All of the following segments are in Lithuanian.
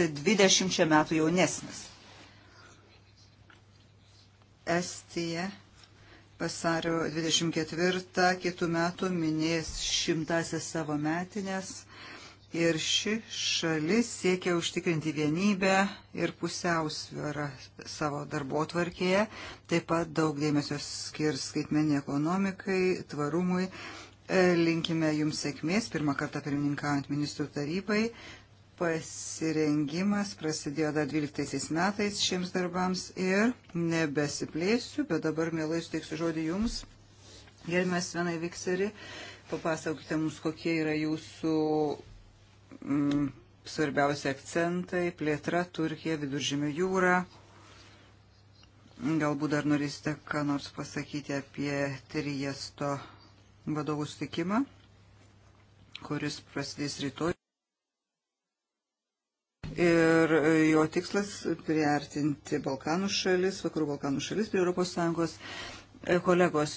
būti 20 metų jaunesnis. Estija vasario 24 kitų metų minės šimtasias savo metinės ir ši šalis siekia užtikrinti vienybę ir pusiausvyrą savo darbo tvarkėje, taip pat daug dėmesio skirs skaitmenį ekonomikai, tvarumui. Linkime Jums sėkmės, pirmą kartą pirmininkaujant ministrų tarybai pasirengimas prasidėjo dar 12 metais šiems darbams ir nebesiplėsiu, bet dabar mielai suteiksiu žodį jums. Gerbės vienai vikseri, papasakokite mums, kokie yra jūsų mm, svarbiausi akcentai, plėtra, Turkija, viduržymio jūra. Galbūt dar norėsite ką nors pasakyti apie Terijesto vadovų sutikimą, kuris prasidės rytoj ir jo tikslas priartinti Balkanų šalis, vakarų Balkanų šalis prie ES. E, kolegos,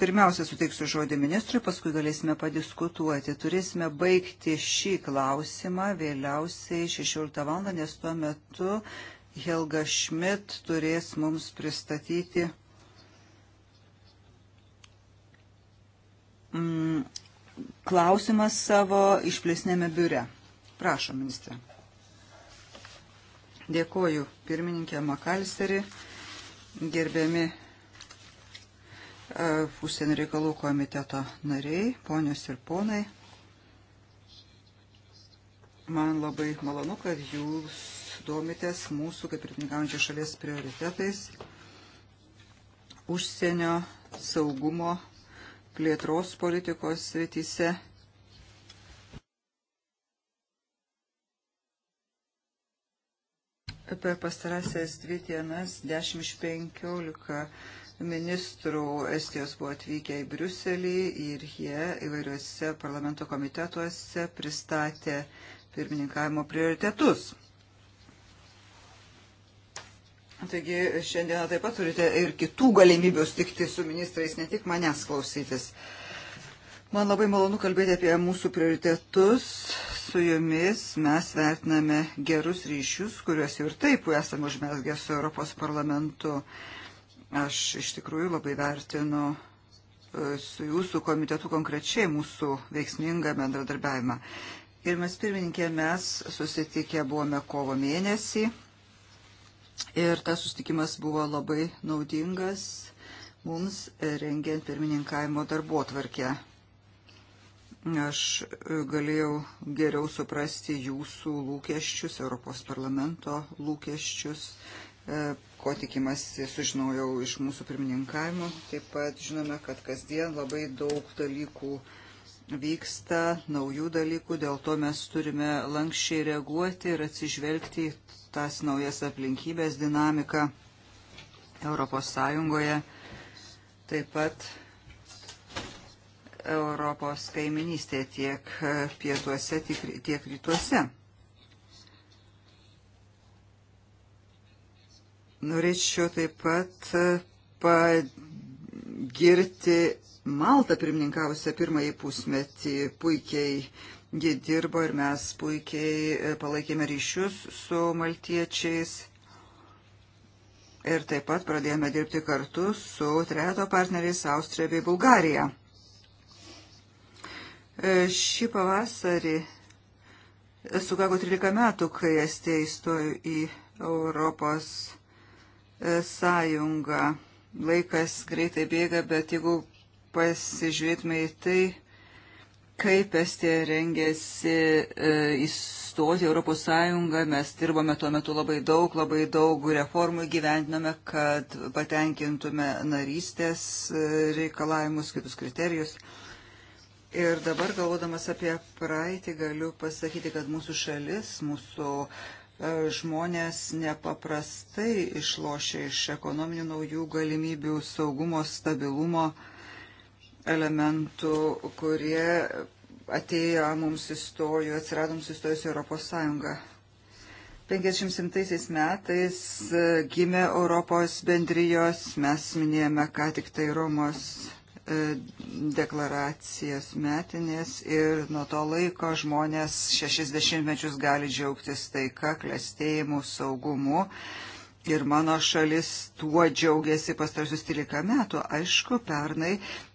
pirmiausia, suteiksiu žodį ministrui, paskui galėsime padiskutuoti. Turėsime baigti šį klausimą vėliausiai 16 val. nes tuo metu Helga Schmidt turės mums pristatyti mm, klausimas savo išplėsnėme biure. Prašom, ministrė. Dėkoju pirmininkė Makalsteri, gerbiami e, užsienio reikalų komiteto nariai, ponios ir ponai. Man labai malonu, kad jūs domitės mūsų kaip ir pinigaujančios šalies prioritetais užsienio saugumo plėtros politikos srityse. Per pastarąsias dvi dienas 10 iš 15 ministrų Estijos buvo atvykę į Briuselį ir jie įvairiuose parlamento komitetuose pristatė pirmininkavimo prioritetus. Taigi šiandieną taip pat turite ir kitų galimybių stikti su ministrais, ne tik manęs klausytis. Man labai malonu kalbėti apie mūsų prioritetus su jumis mes vertiname gerus ryšius, kuriuos jau ir taip esame užmesgę su Europos parlamentu. Aš iš tikrųjų labai vertinu e, su jūsų komitetu konkrečiai mūsų veiksmingą bendradarbiavimą. Ir mes pirmininkė, mes susitikę buvome kovo mėnesį ir tas susitikimas buvo labai naudingas mums rengiant pirmininkavimo darbo tvarkę. Aš e, galėjau geriau suprasti jūsų lūkesčius, Europos parlamento lūkesčius, e, ko tikimasi sužinojau iš mūsų pirmininkavimo. Taip pat žinome, kad kasdien labai daug dalykų vyksta, naujų dalykų, dėl to mes turime lankščiai reaguoti ir atsižvelgti į tas naujas aplinkybės dinamiką Europos Sąjungoje. Taip pat Europos kaiminystėje tiek pietuose, tiek rytuose. Norėčiau taip pat pagirti Maltą pirmininkavusią pirmąjį pusmetį. Puikiai ji dirbo ir mes puikiai e, palaikėme ryšius su maltiečiais. Ir taip pat pradėjome dirbti kartu su trejato partneriais Austrija bei Bulgarija. E, šį pavasarį sukako 13 metų, kai Estija įstojo į Europos e, sąjungą. Laikas greitai bėga, bet jeigu pasižiūrėtume į tai, kaip Estija rengėsi e, įstoti Europos Sąjungą, mes dirbome tuo metu labai daug, labai daug reformų gyvendiname, kad patenkintume narystės reikalavimus, kitus kriterijus. Ir dabar, galvodamas apie praeitį, galiu pasakyti, kad mūsų šalis, mūsų e, žmonės nepaprastai išlošia iš ekonominių naujų galimybių, saugumo, stabilumo elementų, kurie atėjo mums įstojus, atsirado mums įstojus Europos Sąjungą. 57 metais e, gimė Europos bendrijos, mes minėjome ką tik tai Romos E, deklaracijas metinės ir nuo to laiko žmonės 60 mečius gali džiaugtis taika, klestėjimu, saugumu. Ir mano šalis tuo džiaugiasi pastarusius 13 metų. Aišku, pernai,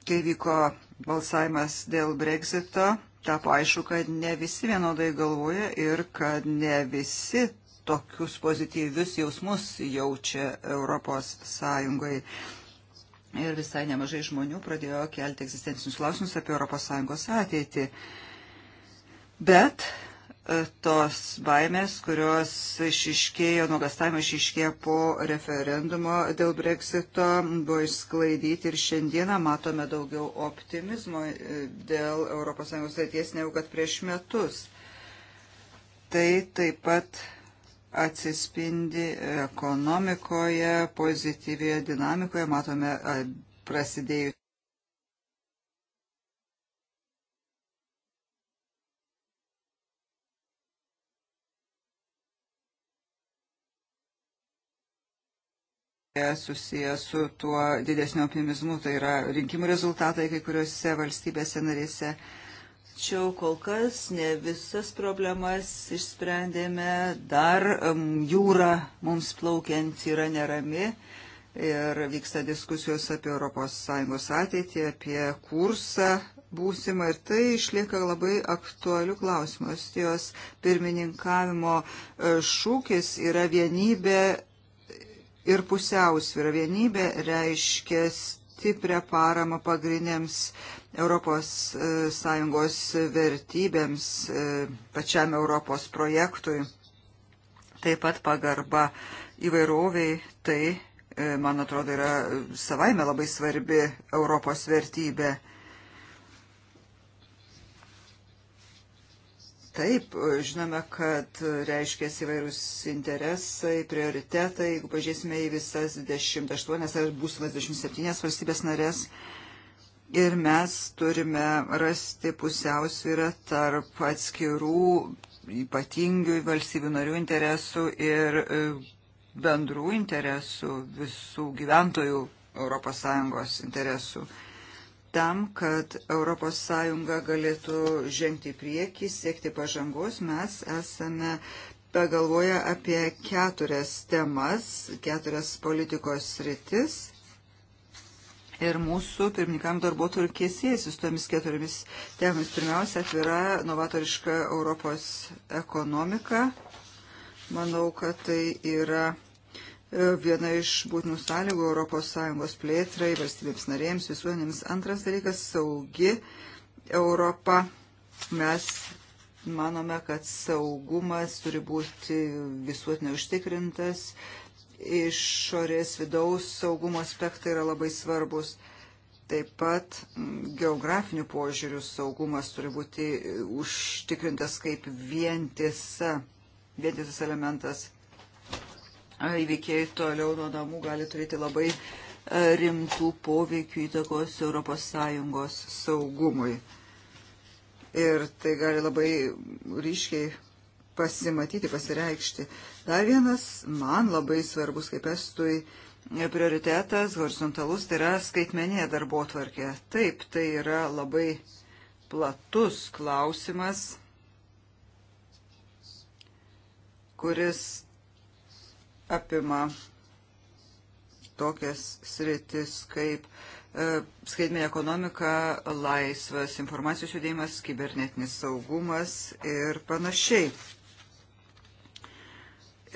kai vyko balsavimas dėl Brexito, tapo aišku, kad ne visi vienodai galvoja ir kad ne visi tokius pozityvius jausmus jaučia Europos Sąjungai ir visai nemažai žmonių pradėjo kelti egzistencinius klausimus apie ES ateitį. Bet e, tos baimės, kurios išiškėjo, nuogastavimai išiškėjo po referendumo dėl breksito, buvo išsklaidyti ir šiandieną matome daugiau optimizmo e, dėl ES ateities negu kad prieš metus. Tai taip pat atsispindi ekonomikoje, pozityvėje dinamikoje, matome prasidėjus. susijęs su tuo didesniu optimizmu, tai yra rinkimų rezultatai kai kuriuose valstybėse narėse. Uh, Tačiau kol kas ne visas problemas išsprendėme, dar jūra mums plaukiant yra nerami ir vyksta diskusijos apie ES ateitį, apie kursą būsimą ir tai išlieka labai aktualių klausimų. Estijos pirmininkavimo e, šūkis yra vienybė ir pusiausvyrą. Vienybė reiškia stiprią paramą pagrindiniams ES e, vertybėms, e, pačiam Europos projektui, taip pat pagarba įvairoviai, tai, e, man atrodo, yra savaime labai svarbi Europos vertybė. Taip, žinome, kad reiškia įvairūs interesai, prioritetai, jeigu pažiūrėsime į visas 28 ar būsimas 27 valstybės narės, Ir mes turime rasti pusiausvyrą tarp atskirų ypatingių valstybių narių interesų ir e, bendrų interesų visų gyventojų ES interesų. Tam, kad ES galėtų žengti į priekį, siekti pažangos, mes esame pagalvoję apie keturias temas, keturias politikos sritis Ir mūsų pirmininkam darbo turkės siejasi su tomis keturiomis temomis. Pirmiausia, atvira novatoriška Europos ekonomika. Manau, kad tai yra e, viena iš būtinų sąlygų ES plėtrai, valstybėms narėms, visuomenėms. Antras dalykas - saugi Europa. Mes manome, kad saugumas turi būti visuotinai užtikrintas išorės vidaus saugumo aspektai yra labai svarbus. Taip pat geografinių požiūrių saugumas turi būti e, užtikrintas kaip vientisa, vientisas elementas. Įvykiai toliau nuo namų gali turėti labai e, rimtų poveikių įtakos ES saugumui. Ir tai gali labai ryškiai pasimatyti, pasireikšti. Dar vienas man labai svarbus kaip estui prioritetas, horizontalus, tai yra skaitmeninė darbo tvarkė. Taip, tai yra labai platus klausimas, kuris apima tokias sritis kaip e, skaitmė ekonomika, laisvas informacijos judėjimas, kibernetinis saugumas ir panašiai.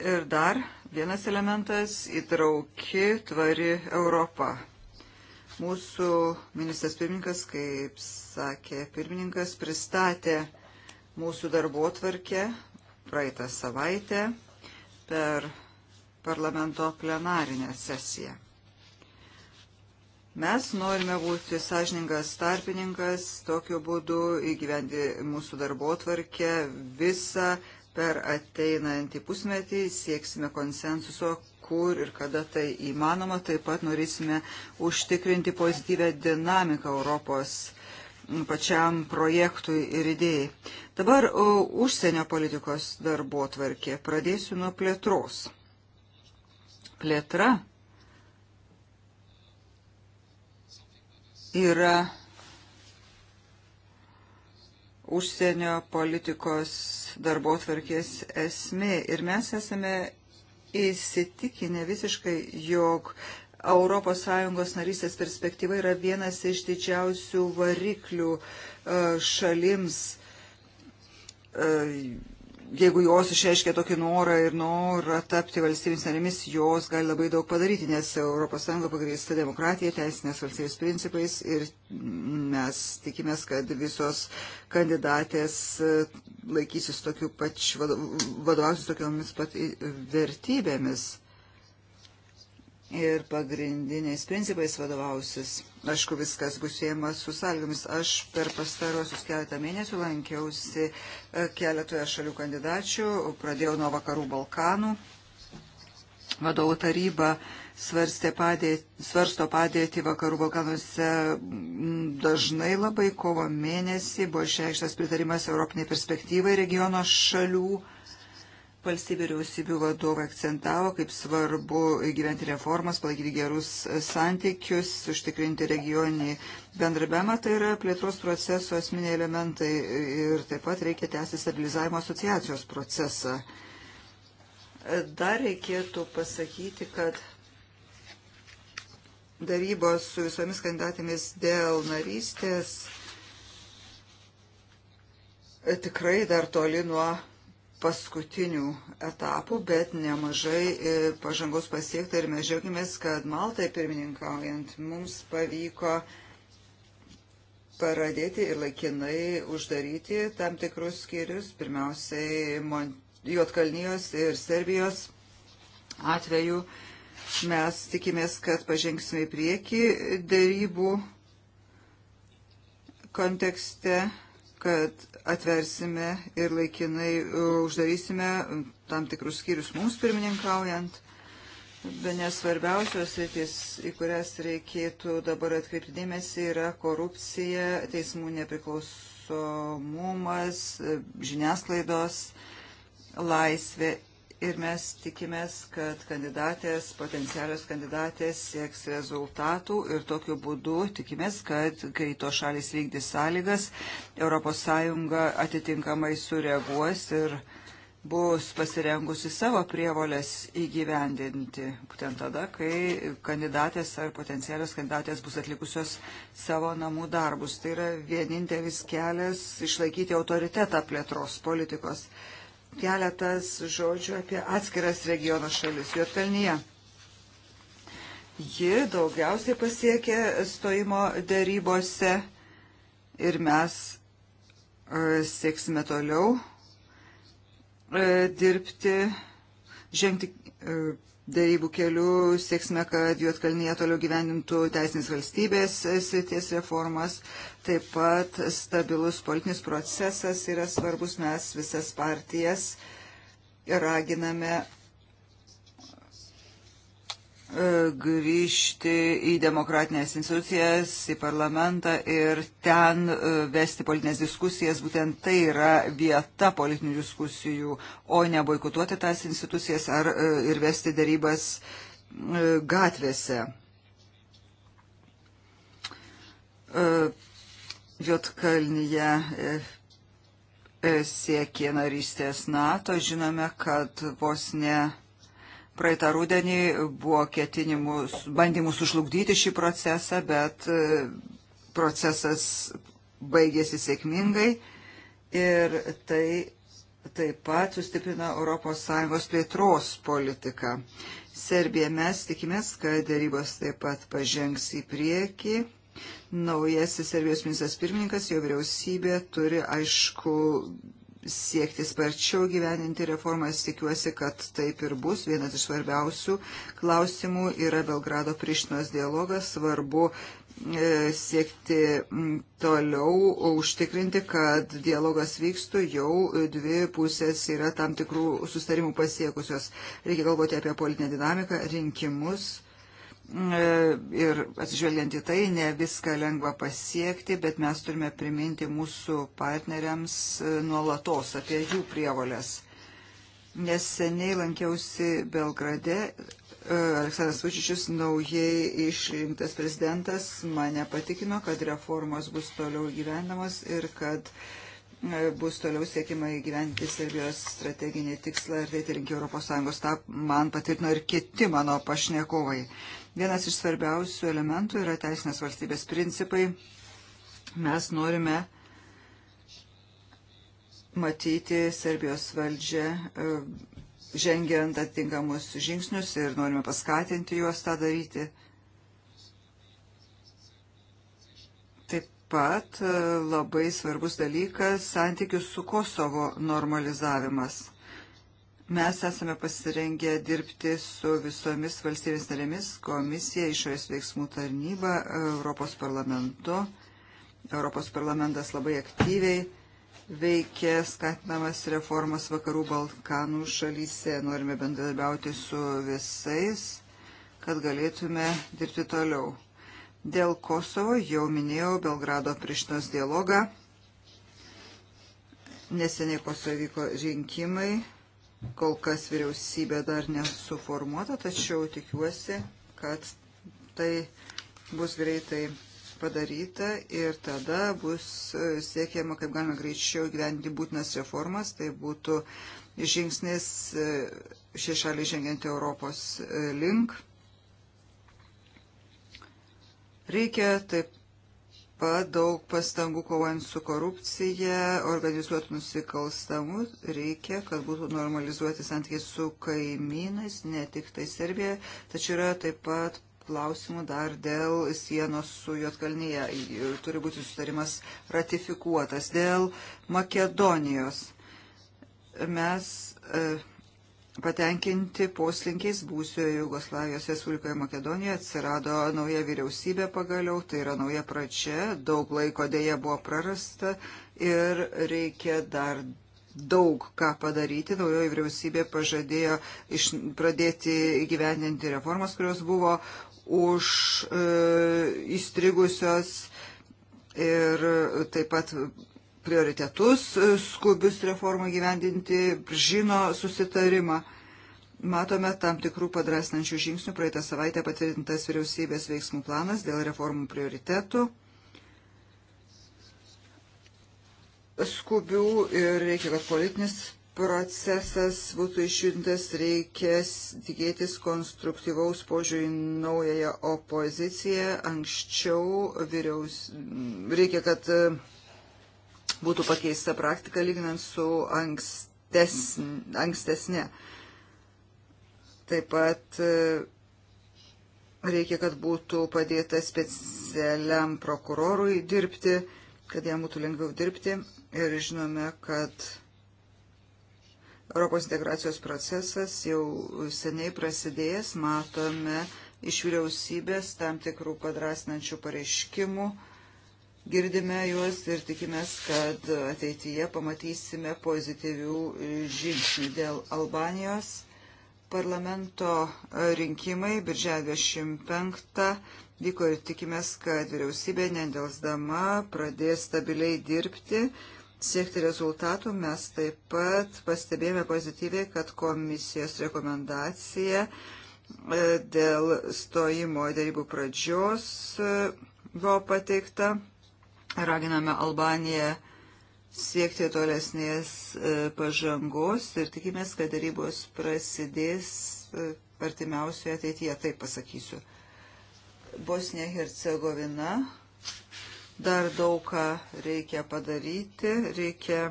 Ir dar vienas elementas - įtrauki tvari Europa. Mūsų ministras pirmininkas, kaip sakė pirmininkas, pristatė mūsų darbo tvarkę praeitą savaitę per parlamento plenarinę sesiją. Mes norime būti sąžiningas tarpininkas, tokiu būdu įgyvendi mūsų darbo tvarkę, visą per ateinantį pusmetį sieksime konsensuso, kur ir kada tai įmanoma. Taip pat norėsime užtikrinti pozityvę dinamiką Europos pačiam projektui ir idėjai. Dabar užsienio politikos darbo tvarkė. Pradėsiu nuo plėtros. Plėtra yra užsienio politikos darbo tvarkės esmė. Ir mes esame įsitikinę visiškai, jog ES narystės perspektyva yra vienas iš didžiausių variklių e, šalims e, jeigu jos išreiškia tokį norą ir norą tapti valstybės narėmis, jos gali labai daug padaryti, nes ES pagrįsta demokratija, teisinės valstybės principais ir mes tikimės, kad visos kandidatės laikysis tokių pačių, vadovausis tokiomis pat vertybėmis ir pagrindiniais principais vadovausis aišku, viskas bus siejama su sąlygomis. Aš per pastarosius keletą mėnesių lankiausi e, keletoje šalių kandidačių, pradėjau nuo vakarų Balkanų. Vadovų taryba padėti, svarsto padėti vakarų Balkanuose dažnai labai kovo mėnesį. Buvo išreikštas pritarimas Europiniai perspektyvai regiono šalių Valstybė vyriausybių vadovai akcentavo, kaip svarbu gyventi reformas, palaikyti gerus santykius, užtikrinti regioninį bendrabiamą, tai yra plėtros proceso asmeniai elementai ir taip pat reikia tęsti stabilizavimo asociacijos procesą. Dar reikėtų pasakyti, kad darybos su visomis kandidatėmis dėl narystės tikrai dar toli nuo paskutinių etapų, bet nemažai e, pažangos pasiekta ir mes žiūrėkimės, kad Maltai pirmininkaujant mums pavyko paradėti ir laikinai uždaryti tam tikrus skyrius, pirmiausiai Juotkalnijos ir Serbijos atveju. Mes tikimės, kad pažengsime į priekį dėrybų kontekste, kad atversime ir laikinai e, uždarysime tam tikrus skyrius mums pirmininkaujant. Be nesvarbiausios rytis, į kurias reikėtų dabar atkreipti dėmesį, yra korupcija, teismų nepriklausomumas, žiniasklaidos laisvė ir mes tikimės, kad kandidatės, potencialios kandidatės sieks rezultatų ir tokiu būdu tikimės, kad kai to šalis vykdys sąlygas, ES atitinkamai sureaguos ir bus pasirengusi savo prievolės įgyvendinti, būtent tada, kai kandidatės ar potencialios kandidatės bus atlikusios savo namų darbus. Tai yra vienintelis kelias išlaikyti autoritetą plėtros politikos keletas žodžių apie atskiras regiono šalis Juotkalnyje. Ji daugiausiai pasiekė stojimo dėrybose ir mes e, sieksime toliau e, dirbti, žengti e, dėrybų keliu, sieksime, kad Juotkalnyje toliau gyvendintų teisinės valstybės srities reformas, taip pat stabilus politinis procesas yra svarbus, mes visas partijas raginame grįžti į demokratinės institucijas, į parlamentą ir ten e, vesti politinės diskusijas. Būtent tai yra vieta politinių diskusijų, o ne boikotuoti tas institucijas ar, e, ir vesti darybas e, gatvėse. Jotkalnyje siekė narystės NATO. Žinome, kad vos ne Praeitą rudenį buvo ketinimus, bandymus užlugdyti šį procesą, bet e, procesas baigėsi sėkmingai ir tai taip pat sustiprina ES plėtros politiką. Serbija mes tikimės, kad darybos taip pat pažengs į priekį. Naujasis Serbijos ministras pirmininkas, jo vyriausybė turi aišku siekti sparčiau gyveninti reformas. Tikiuosi, kad taip ir bus. Vienas iš svarbiausių klausimų yra Belgrado Prištinos dialogas. Svarbu e, siekti toliau, užtikrinti, kad dialogas vykstų, jau dvi pusės yra tam tikrų sustarimų pasiekusios. Reikia galvoti apie politinę dinamiką, rinkimus E, ir atsižvelgiant į tai, ne viską lengva pasiekti, bet mes turime priminti mūsų partneriams e, nuolatos apie jų prievolės. Neseniai lankiausi Belgrade, e, Aleksandras Vučičius, naujai išrinktas prezidentas, mane patikino, kad reformos bus toliau gyvenamos ir kad bus toliau siekima įgyventi Serbijos strateginį tikslą ir tai link Europos Sąjungos. Ta man patvirtino ir kiti mano pašnekovai. Vienas iš svarbiausių elementų yra teisinės valstybės principai. Mes norime matyti Serbijos valdžią e, žengiant atitinkamus žingsnius ir norime paskatinti juos tą daryti. Taip pat e, labai svarbus dalykas santykių su Kosovo normalizavimas. Mes esame pasirengę dirbti su visomis valstybės narėmis, komisija, išorės veiksmų tarnyba, Europos parlamentu. Europos parlamentas labai aktyviai veikia skatinamas reformas vakarų Balkanų šalyse. Norime bendradarbiauti su visais, kad galėtume dirbti toliau. Dėl Kosovo jau minėjau Belgrado prištinos dialogą. Neseniai Kosovo vyko rinkimai Kol kas vyriausybė dar nesuformuota, tačiau tikiuosi, kad tai bus greitai padaryta ir tada bus e, siekiama, kaip galima greičiau gyventi būtinas reformas. Tai būtų žingsnis e, šešalį žengiant Europos e, link. Reikia taip pat daug pastangų kovojant su korupcija, organizuoti nusikalstamus, reikia, kad būtų normalizuoti santykiai su kaimynais, ne tik tai Serbija, tačiau yra taip pat klausimų dar dėl sienos su Jotkalnyje ir turi būti sustarimas ratifikuotas. Dėl Makedonijos mes. E, patenkinti poslinkiais būsioje Jugoslavijos Respublikoje Makedonijoje atsirado nauja vyriausybė pagaliau, tai yra nauja pradžia, daug laiko dėje buvo prarasta ir reikia dar daug ką padaryti. Naujoji vyriausybė pažadėjo iš, pradėti įgyvendinti reformas, kurios buvo už e, įstrigusios ir taip pat prioritetus, e, skubius reformą gyvendinti, žino susitarimą. Matome tam tikrų padrasnančių žingsnių. Praeitą savaitę patvirtintas vyriausybės veiksmų planas dėl reformų prioritetų. Skubių ir reikia, kad politinis procesas būtų išjudintas, reikės tikėtis konstruktyvaus požiūrį naująją opoziciją. Anksčiau vyriaus... reikia, kad e, būtų pakeista praktika lyginant su ankstesnė. ankstesnė. Taip pat e, reikia, kad būtų padėta specialiam prokurorui dirbti, kad jam būtų lengviau dirbti. Ir žinome, kad Europos integracijos procesas jau seniai prasidėjęs, matome iš vyriausybės tam tikrų padrasnančių pareiškimų Girdime juos ir tikimės, kad ateityje pamatysime pozityvių žingsnių dėl Albanijos. Parlamento rinkimai birželio 25 vyko ir tikimės, kad vyriausybė nedelsdama pradės stabiliai dirbti siekti rezultatų, mes taip pat pastebėjome pozityviai, kad komisijos rekomendacija e, dėl stojimo dėrybų pradžios e, buvo pateikta. Raginame Albaniją siekti tolesnės e, pažangos ir tikimės, kad darybos prasidės e, artimiausioje ateityje, taip pasakysiu. Bosnija Hercegovina dar daug ką reikia padaryti, reikia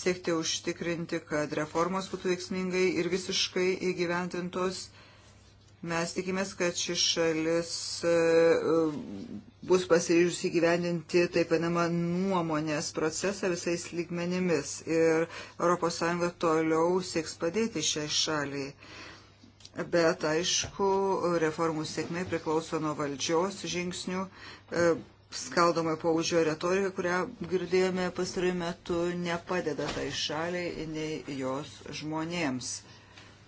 siekti užtikrinti, kad reformos būtų veiksmingai ir visiškai įgyventintos Mes tikimės, kad ši šalis e, e, bus pasiryžusi gyvendinti taip vadinamą nuomonės procesą visais lygmenimis ir ES toliau sieks padėti šiai šaliai. Bet aišku, reformų sėkmė priklauso nuo valdžios žingsnių. E, skaldoma paužio retorika, kurią girdėjome pastarųjų metų, nepadeda tai šaliai nei jos žmonėms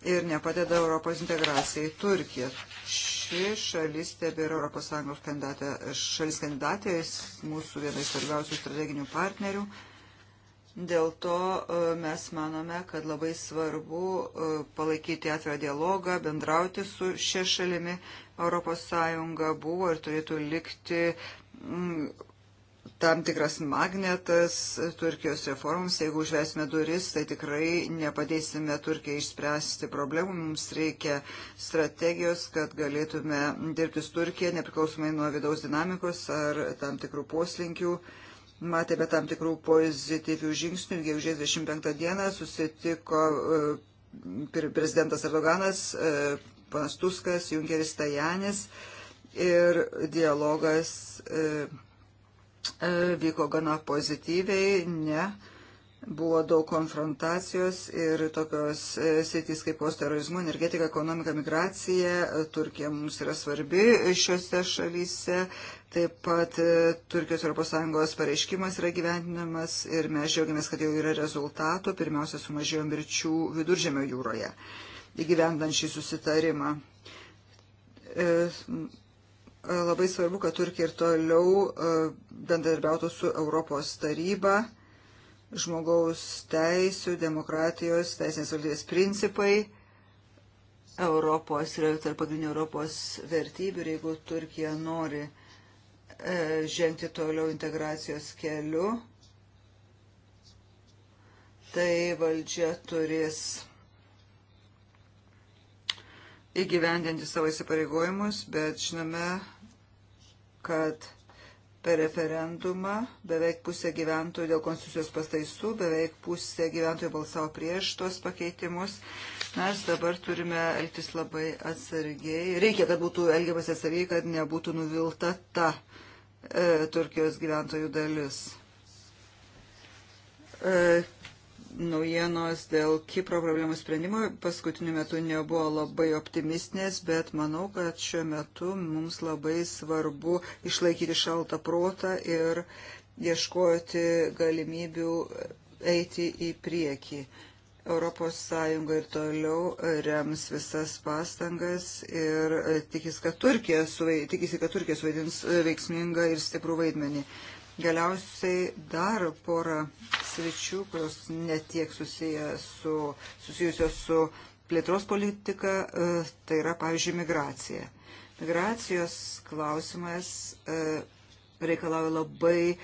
ir nepadeda Europos integracijai. Turkija. Ši šalis tebėra Europos Sąjungos kandidatė, šalis kandidatė, mūsų viena iš svarbiausių strateginių partnerių. Dėl to e, mes manome, kad labai svarbu e, palaikyti atvirą dialogą, bendrauti su šia šalimi. Europos Sąjunga buvo ir turėtų likti tam tikras magnetas Turkijos reformoms. Jeigu užvesime duris, tai tikrai nepadėsime Turkijai išspręsti problemų. Mums reikia strategijos, kad galėtume dirbti su Turkija nepriklausomai nuo vidaus dinamikos ar tam tikrų poslinkių. Matėme tam tikrų pozityvių žingsnių. Gegužės 25 dieną susitiko e, prezidentas Erdoganas, e, panas Tuskas, Junkeris Tajanis ir dialogas. E, E, vyko gana pozityviai, ne. Buvo daug konfrontacijos ir tokios e, sėtys kaip posterorizmo, energetika, ekonomika, migracija. E, Turkija mums yra svarbi šiuose šalyse. Taip pat Turkijos ES pareiškimas yra gyventinamas ir mes žiaugiamės, kad jau yra rezultatų. Pirmiausia, sumažėjo mirčių viduržėmio jūroje įgyvendant šį susitarimą E, labai svarbu, kad Turkija ir toliau e, bendradarbiautų su Europos taryba, žmogaus teisų, demokratijos, teisinės valdybės principai. Europos yra tarp pagrindinių Europos vertybių ir jeigu Turkija nori e, žengti toliau integracijos keliu, tai valdžia turės įgyvendinti savo įsipareigojimus, bet žinome, kad per referendumą beveik pusė gyventojų dėl konstitucijos pastaisų, beveik pusė gyventojų balsavo prieš tuos pakeitimus. Mes dabar turime elgtis labai atsargiai. Reikia, kad būtų elgiamas atsargiai, kad nebūtų nuvilta ta e, Turkijos gyventojų dalis. E, naujienos dėl Kipro problemų sprendimo paskutiniu metu nebuvo labai optimistinės, bet manau, kad šiuo metu mums labai svarbu išlaikyti šaltą protą ir ieškoti galimybių eiti į priekį. ES ir toliau rems visas pastangas ir tikis, kad Turkija, tikisi, kad Turkija suvaidins veiksmingą ir stiprų vaidmenį. Galiausiai dar porą sričių, kurios netiek su, susijusios su plėtros politika, e, tai yra, pavyzdžiui, migracija. Migracijos klausimas e, reikalauja labai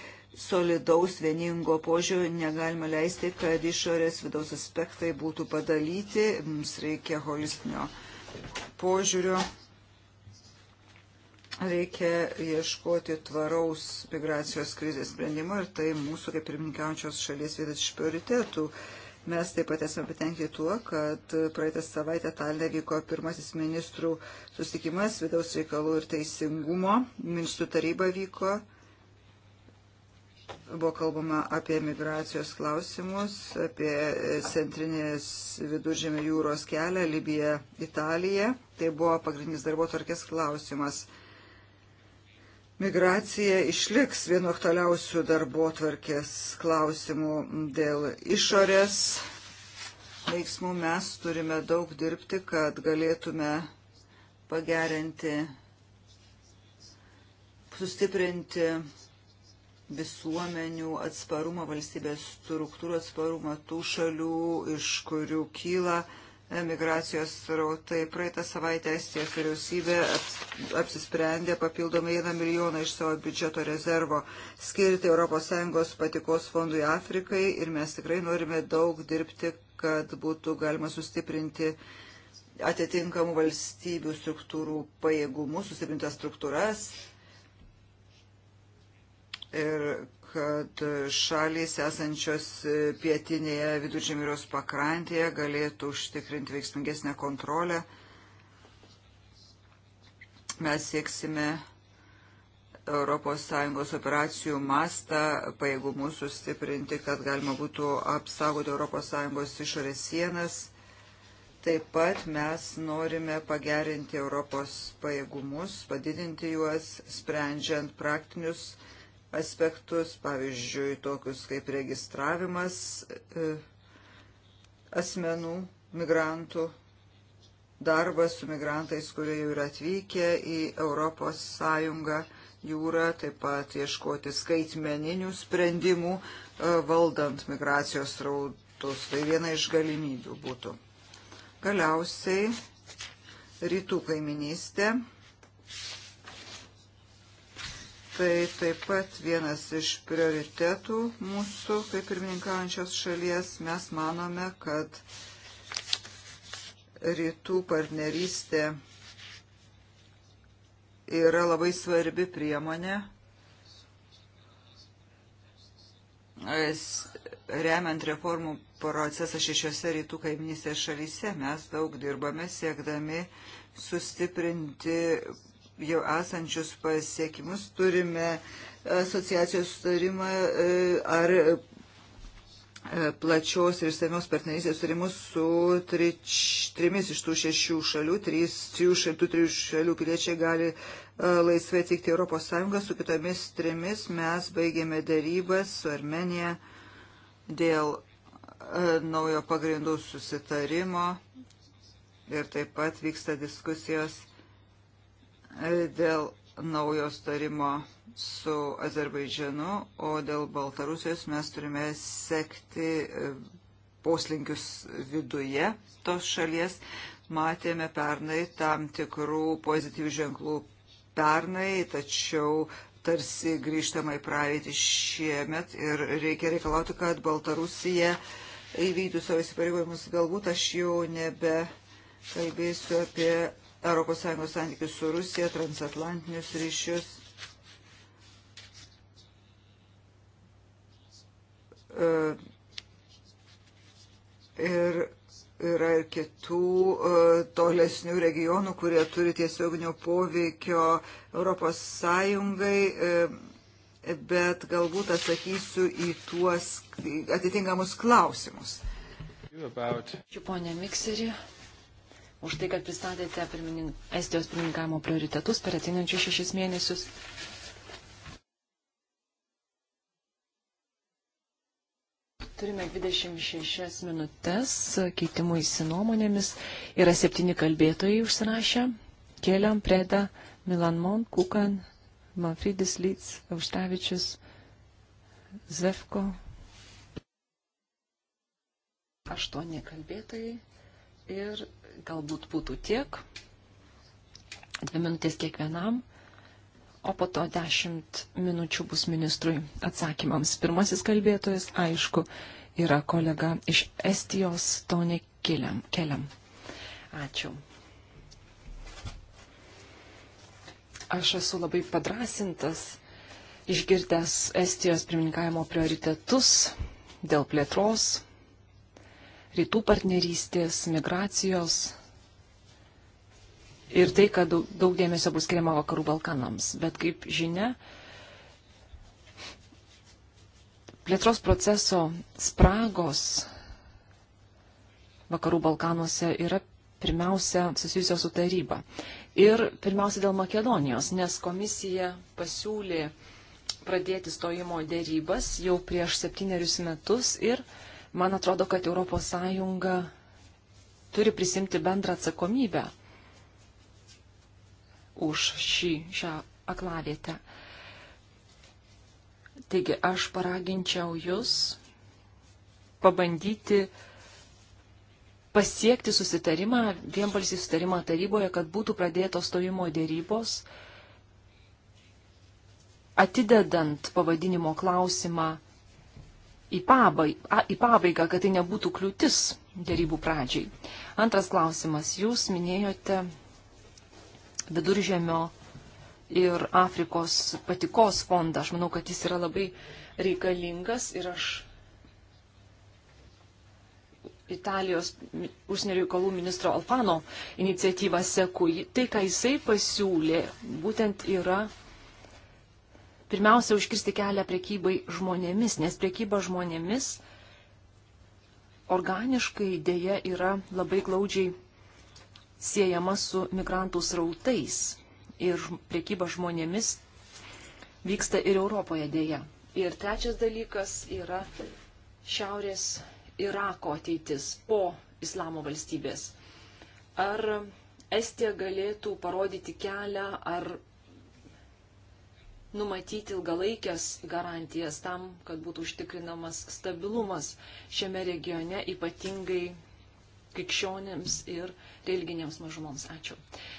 solidaus vieningo požiūrio, negalima leisti, kad išorės vidaus aspektai būtų padalyti, mums reikia holistinio požiūrio reikia ieškoti tvaraus migracijos krizės sprendimo ir tai mūsų kaip pirmininkaujančios šalies vienas iš prioritetų. Mes taip pat esame patenkinti tuo, kad praeitą savaitę Taline vyko pirmasis ministrų susitikimas vidaus reikalų ir teisingumo. Ministrų taryba vyko. Buvo kalbama apie migracijos klausimus, apie centrinės viduržėmio jūros kelią, Libiją, Italiją. Tai buvo pagrindinis darbo tvarkės klausimas Migracija išliks vienu aktualiausių darbo tvarkės klausimų dėl išorės veiksmų. Mes turime daug dirbti, kad galėtume pagerinti, sustiprinti visuomenių atsparumą, valstybės struktūrų atsparumą tų šalių, iš kurių kyla uh, migracijos srautai. Praeitą savaitę Estijos vyriausybė apsisprendė papildomai 1 milijoną iš savo biudžeto rezervo skirti ES patikos fondui Afrikai ir mes tikrai norime daug dirbti, kad būtų galima sustiprinti atitinkamų valstybių struktūrų pajėgumus, sustiprintas struktūras ir kad šalys esančios pietinėje viduržemirios pakrantėje galėtų užtikrinti veiksmingesnę kontrolę. Mes sieksime ES operacijų mastą, pajėgumus sustiprinti, kad galima būtų apsaugoti ES išorės sienas. Taip pat mes norime pagerinti Europos pajėgumus, padidinti juos, sprendžiant praktinius problemus aspektus, pavyzdžiui, tokius kaip registravimas e, asmenų, migrantų, darbas su migrantais, kurie jau yra atvykę į Europos Sąjungą jūrą, taip pat ieškoti skaitmeninių sprendimų e, valdant migracijos rautus. Tai viena iš galimybių būtų. Galiausiai rytų kaiminystė. Tai taip pat vienas iš prioritetų mūsų, kaip pirmininkaujančios šalies, mes manome, kad rytų partnerystė yra labai svarbi priemonė, remiant reformų procesą šešiose rytų kaiminėse šalyse. Mes daug dirbame siekdami sustiprinti jau esančius pasiekimus, turime asociacijos sutarimą e, ar e, plačios ir samios partnerystės sutarimus su trič, trimis iš tų šešių šalių. Trys, trijų šalių, trijų šalių piliečiai gali e, laisvai atvykti Europos Sąjungą, su kitomis trimis mes baigėme darybas su Armenija dėl naujo pagrindų susitarimo ir taip pat vyksta diskusijos dėl naujo starimo su Azerbaidžianu, o dėl Baltarusijos mes turime sekti e, poslinkius viduje tos šalies. Matėme pernai tam tikrų pozityvių ženklų pernai, tačiau tarsi grįžtama į praeitį šiemet ir reikia reikalauti, kad Baltarusija įvykdytų savo įsipareigojimus. Galbūt aš jau nebe kalbėsiu apie ES santykius su Rusija, transatlantinius ryšius. E, ir yra ir kitų e, tolesnių regionų, kurie turi tiesioginio poveikio ES, e, bet galbūt atsakysiu į tuos atitinkamus klausimus. Ačiū, ponė Mikserį už tai, kad pristatėte pirmininką, Estijos pirmininkavimo prioritetus per ateinančius šešis mėnesius. Turime 26 minutės keitimui įsinomonėmis. Yra septyni kalbėtojai užsirašę. Kėliam, Preda, Milanmon, Kukan, Manfridis Lyts, Auštavičius, Zevko. Aštuoni kalbėtojai ir galbūt būtų tiek, dvi minutės kiekvienam, o po to dešimt minučių bus ministrui atsakymams. Pirmasis kalbėtojas, aišku, yra kolega iš Estijos Tonė Keliam. keliam. Ačiū. Aš esu labai padrasintas, išgirdęs Estijos pirmininkavimo prioritetus dėl plėtros rytų partnerystės, migracijos ir tai, kad daug, daug dėmesio bus skiriama vakarų Balkanams. Bet kaip žinia, plėtros proceso spragos vakarų Balkanuose yra pirmiausia susijusios su taryba. Ir pirmiausia dėl Makedonijos, nes komisija pasiūlė pradėti stojimo dėrybas jau prieš septynerius metus ir Man atrodo, kad ES turi prisimti bendrą atsakomybę už šį, šią aklavietę. Taigi aš paraginčiau jūs pabandyti pasiekti susitarimą, vienbalsį susitarimą taryboje, kad būtų pradėtos stojimo dėrybos, atidedant pavadinimo klausimą į pabaigą, į pabaigą kad tai nebūtų kliūtis dėrybų pradžiai. Antras klausimas. Jūs minėjote viduržėmio ir Afrikos patikos fondą. Aš manau, kad jis yra labai reikalingas ir aš Italijos užsienio reikalų ministro Alfano iniciatyvą seku. Tai, ką jisai pasiūlė, būtent yra pirmiausia užkirsti kelią priekybai žmonėmis, nes priekyba žmonėmis organiškai dėja yra labai glaudžiai siejama su migrantų srautais ir priekyba žmonėmis vyksta ir Europoje dėja. Ir trečias dalykas yra Šiaurės Irako ateitis po Islamo valstybės. Ar Estija galėtų parodyti kelią, ar numatyti ilgalaikės garantijas tam, kad būtų užtikrinamas stabilumas šiame regione, ypatingai krikščionėms ir religinėms mažumoms. Ačiū.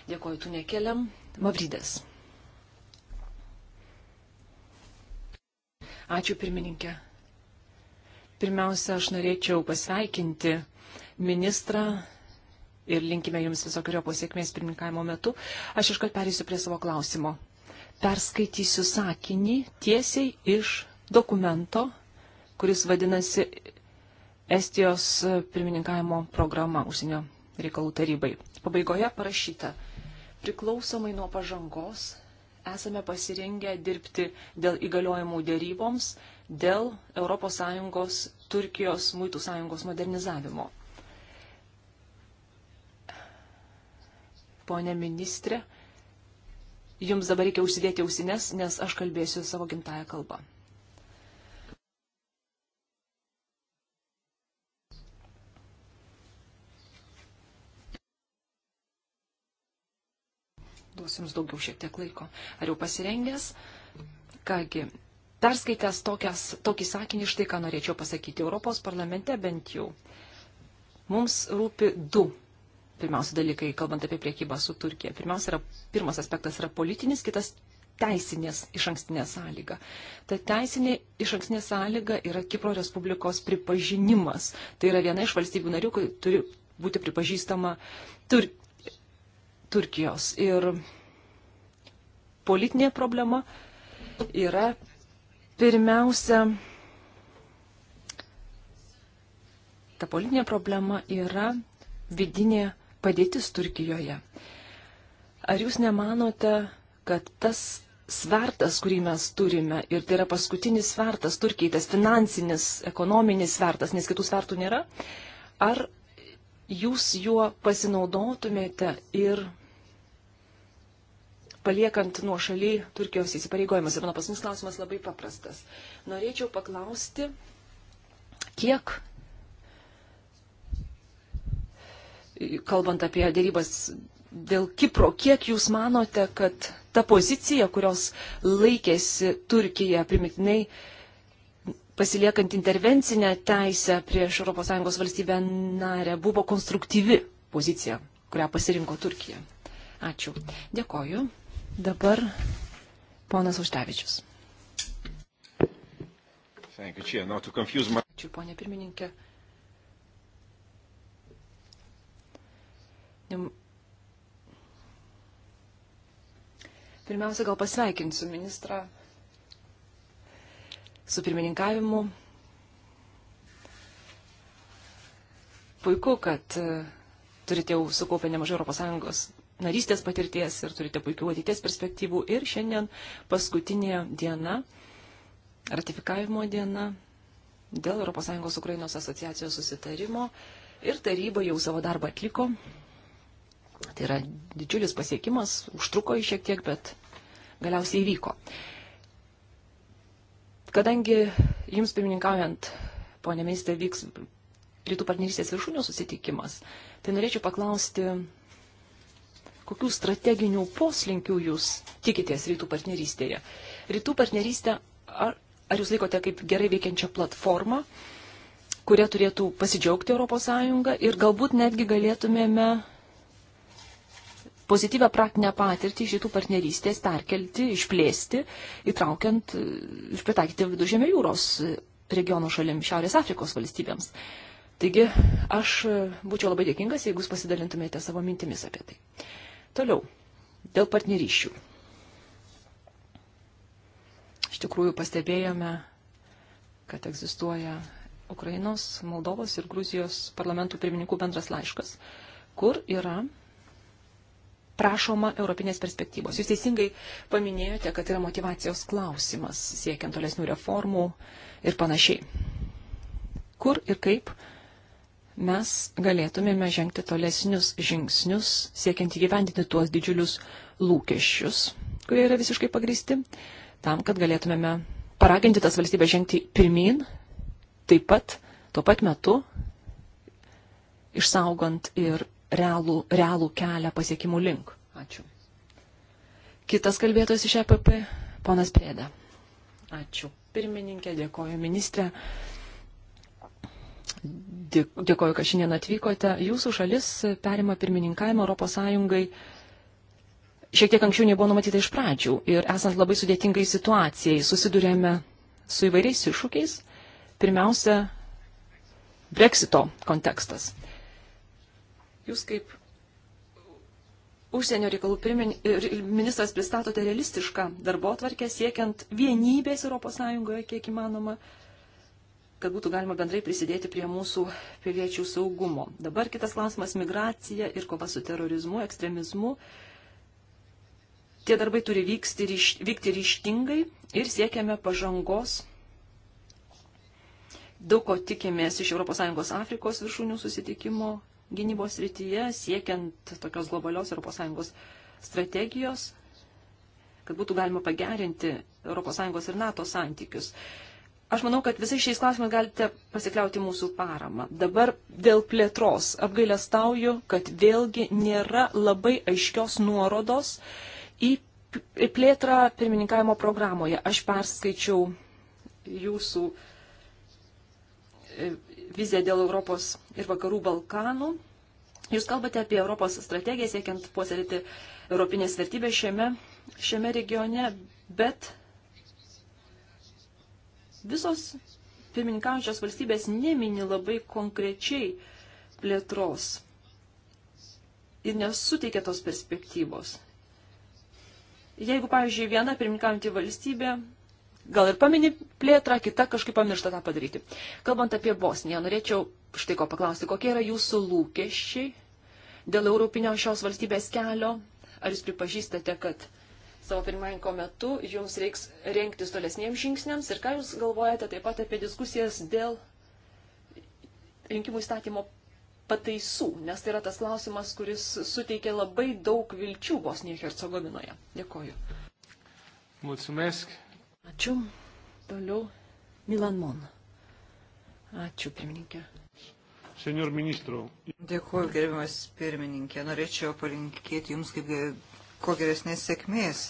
Dėkoju, tu nekeliam. Mavrydės. Ačiū pirmininkė. Pirmiausia, aš norėčiau pasveikinti ministrą ir linkime jums visokiojo pasiekmės pirmininkavimo metu. Aš iškart perėsiu prie savo klausimo perskaitysiu sakinį tiesiai iš dokumento, kuris vadinasi Estijos pirmininkavimo programa užsienio reikalų tarybai. Pabaigoje parašyta, priklausomai nuo pažangos esame pasirengę dirbti dėl įgaliojimų dėryboms, dėl ES Turkijos muitų sąjungos modernizavimo. Pone ministrė, jums dabar reikia užsidėti ausines, nes aš kalbėsiu savo gimtają kalbą. Duosiu jums daugiau šiek tiek laiko. Ar jau pasirengęs? Kągi, perskaitęs tokias, tokį sakinį, štai ką norėčiau pasakyti. Europos parlamente bent jau mums rūpi du pirmiausia dalykai, kalbant apie priekybą su Turkija. Pirmiausia, yra, pirmas aspektas yra politinis, kitas teisinės iš ankstinė sąlyga. Ta teisinė iš ankstinė sąlyga yra Kipro Respublikos pripažinimas. Tai yra viena iš valstybių narių, kai turi būti pripažįstama Tur Turkijos. Ir politinė problema yra pirmiausia. Ta politinė problema yra vidinė problema padėtis Turkijoje. Ar jūs nemanote, kad tas svertas, kurį mes turime, ir tai yra paskutinis svertas Turkijai, tas finansinis, ekonominis svertas, nes kitų svertų nėra, ar jūs juo pasinaudotumėte ir paliekant nuo šaly Turkijos įsipareigojimus. Ir mano paskutinis klausimas labai paprastas. Norėčiau paklausti, kiek kalbant apie dėrybas dėl Kipro, kiek jūs manote, kad ta pozicija, kurios laikėsi Turkija primiktinai, pasiliekant intervencinę teisę prieš ES valstybę narę, buvo konstruktyvi pozicija, kurią pasirinko Turkija? Ačiū. Dėkoju. Dabar ponas Užtevičius. Ačiū, ponė pirmininkė. Pirmiausia, gal pasveikinsiu ministrą su pirmininkavimu. Puiku, kad e, turite jau sukaupę nemažai ES narystės patirties ir turite puikių ateities perspektyvų. Ir šiandien paskutinė diena, ratifikavimo diena dėl ES Ukrainos asociacijos susitarimo. Ir taryba jau savo darbą atliko, Tai yra didžiulis pasiekimas, užtruko jį šiek tiek, bet galiausiai įvyko. Kadangi jums pirmininkaujant, ponė ministrė, vyks rytų partnerystės viršūnių susitikimas, tai norėčiau paklausti, kokių strateginių poslinkių jūs tikitės rytų partnerystėje. Rytų partnerystę, ar, ar jūs laikote kaip gerai veikiančią platformą, kuria turėtų pasidžiaugti ES ir galbūt netgi galėtumėme pozityvę praktinę patirtį šitų partnerystės perkelti, išplėsti, įtraukiant ir e, pritaikyti viduržėmio jūros e, regiono šalim Šiaurės Afrikos valstybėms. Taigi aš e, būčiau labai dėkingas, jeigu jūs pasidalintumėte savo mintimis apie tai. Toliau, dėl partnerysčių. Iš tikrųjų pastebėjome, kad egzistuoja Ukrainos, Moldovos ir Gruzijos parlamentų pirmininkų bendras laiškas, kur yra prašoma europinės perspektyvos. Jūs teisingai paminėjote, kad yra motivacijos klausimas siekiant tolesnių reformų ir panašiai. Kur ir kaip mes galėtumėme žengti tolesnius žingsnius, siekiant įgyvendinti tuos didžiulius lūkesčius, kurie yra visiškai pagristi, tam, kad galėtumėme paraginti tas valstybės žengti pirmin, taip pat, tuo pat metu, išsaugant ir realų, realų kelią pasiekimų link. Ačiū. Kitas kalbėtojas iš EPP, ponas Prėda. Ačiū. Pirmininkė, dėkoju ministrė. Dėkoju, kad šiandien atvykote. Jūsų šalis perima pirmininkavimą ES šiek tiek anksčiau nebuvo numatyta iš pradžių ir esant labai sudėtingai situacijai susidurėme su įvairiais iššūkiais. Pirmiausia, Brexito kontekstas. Jūs kaip užsienio reikalų pirmin, ministras pristatote realistišką darbo atvarkę siekiant vienybės ES kiek įmanoma, kad būtų galima bendrai prisidėti prie mūsų piliečių saugumo. Dabar kitas klausimas - migracija ir kova su terorizmu, ekstremizmu. Tie darbai turi vykti, ryš, vykti ryštingai ir siekiame pažangos. Daug ko tikėmės iš ES Afrikos viršūnių susitikimo gynybos rytyje, siekiant tokios globalios ES strategijos, kad būtų galima pagerinti ES ir NATO santykius. Aš manau, kad visais šiais klausimais galite pasikliauti mūsų paramą. Dabar dėl plėtros apgailestauju, kad vėlgi nėra labai aiškios nuorodos į plėtrą pirmininkavimo programoje. Aš perskaičiau jūsų e, viziją dėl Europos ir vakarų Balkanų. Jūs kalbate apie Europos strategiją, siekiant puoselėti europinės vertybės šiame, šiame regione, bet visos pirmininkaujančios valstybės nemini labai konkrečiai plėtros ir nesuteikia tos perspektyvos. Jeigu, pavyzdžiui, viena pirmininkaujanti valstybė gal ir pamini plėtrą, kita kažkaip pamiršta tą padaryti. Kalbant apie Bosniją, norėčiau štai ko paklausti, kokie yra jūsų lūkesčiai dėl europinio šios valstybės kelio? Ar jūs pripažįstate, kad savo pirmininko metu jums reiks rengtis tolesniems žingsniams ir ką jūs galvojate taip pat apie diskusijas dėl rinkimų įstatymo pataisų, nes tai yra tas klausimas, kuris suteikė labai daug vilčių Bosnijoje ir Hercegovinoje. Dėkoju. Mulțumesc. Ačiū. Toliau Milan Mon. Ačiū, pirmininkė. Senior ministro. Dėkuoju, gerbiamas pirmininkė. Norėčiau palinkėti Jums kaip ko geresnės sėkmės.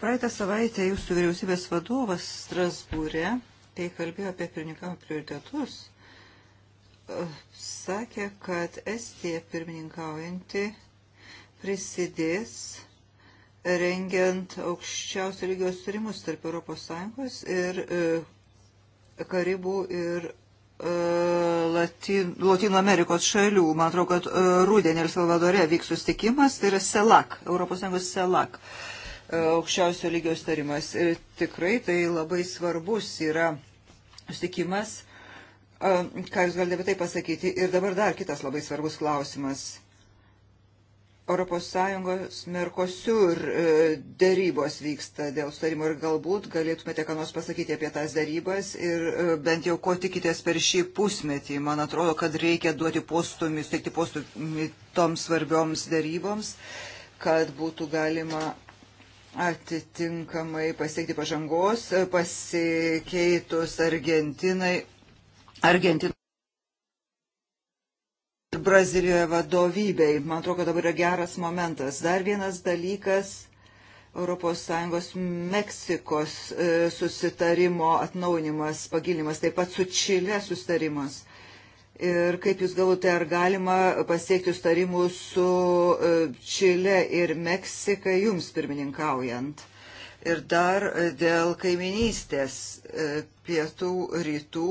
Praeitą savaitę jūsų vyriausybės vadovas Strasbūrė, kai kalbėjo apie pirmininkavimo prioritetus, e, sakė, kad Estija pirmininkaujanti prisidės rengiant aukščiausio lygio sutarimus tarp ES ir e, Karibų ir e, Latin, Latino Amerikos šalių. Man atrodo, kad e, rūdienį El Salvadore vyks sustikimas, tai yra SELAC, ES SELAC aukščiausio lygio starimas. Ir tikrai tai labai svarbus yra sustikimas. Ką Jūs galite apie tai pasakyti? Ir dabar dar kitas labai svarbus klausimas. ES Merkosiur e, darybos vyksta dėl sutarimo ir galbūt galėtumėte ką nors pasakyti apie tas darybas ir e, bent jau ko tikitės per šį pusmetį. Man atrodo, kad reikia duoti postumį, steikti postumį toms svarbioms daryboms, kad būtų galima atitinkamai pasiekti pažangos, e, pasikeitus Argentinai. Argentina ir Brazilijoje vadovybei. Man atrodo, kad dabar yra geras momentas. Dar vienas dalykas ES Meksikos e, susitarimo atnaunimas, pagilinimas, taip pat su Čile susitarimas. Ir kaip Jūs galvote, ar galima pasiekti sustarimų su e, Čile ir Meksika Jums pirmininkaujant? Ir dar e, dėl kaiminystės pietų rytų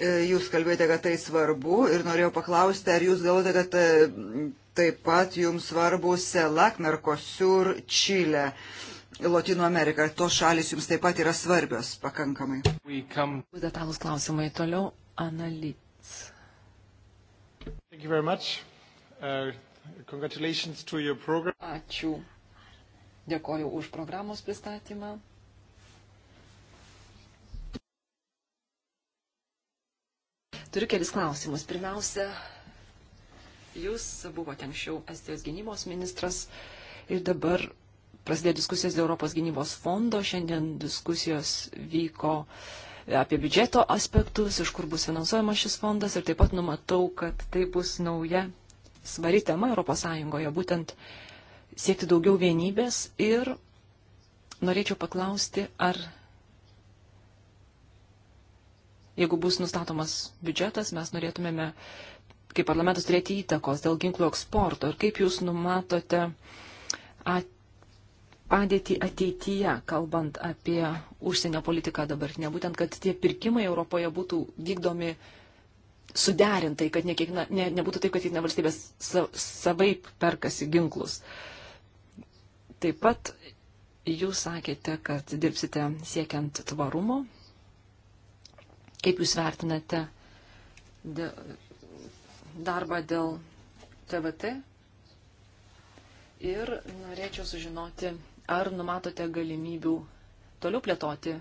E, jūs kalbėjote, kad tai svarbu ir norėjau paklausti, ar jūs galvote, kad e, taip pat jums svarbu Selak, Merkosiur, Čilė, Lotino Amerika. Tos šalis jums taip pat yra svarbios pakankamai. Come... Detalus klausimai toliau. Analyts. Thank you very much. Uh, congratulations to your program. Ačiū. Dėkoju už programos pristatymą. Turiu kelis klausimus. Pirmiausia, jūs buvote anksčiau Estijos gynybos ministras ir dabar prasidėjo diskusijos dėl Europos gynybos fondo. Šiandien diskusijos vyko apie biudžeto aspektus, iš kur bus finansuojamas šis fondas ir taip pat numatau, kad tai bus nauja svari tema ES, būtent siekti daugiau vienybės ir norėčiau paklausti, ar Jeigu bus nustatomas biudžetas, mes norėtumėme kaip parlamentas turėti įtakos dėl ginklų eksporto. Ir kaip jūs numatote at, padėtį ateityje, kalbant apie užsienio politiką dabartinę, būtent, kad tie pirkimai Europoje būtų vykdomi suderintai, kad ne, kiekna, ne, nebūtų taip, kad kiekviena valstybė sa, savaip perkasi ginklus. Taip pat jūs sakėte, kad dirbsite siekiant tvarumo Kaip Jūs vertinate darbą dėl TVT? Ir norėčiau sužinoti, ar numatote galimybių toliau plėtoti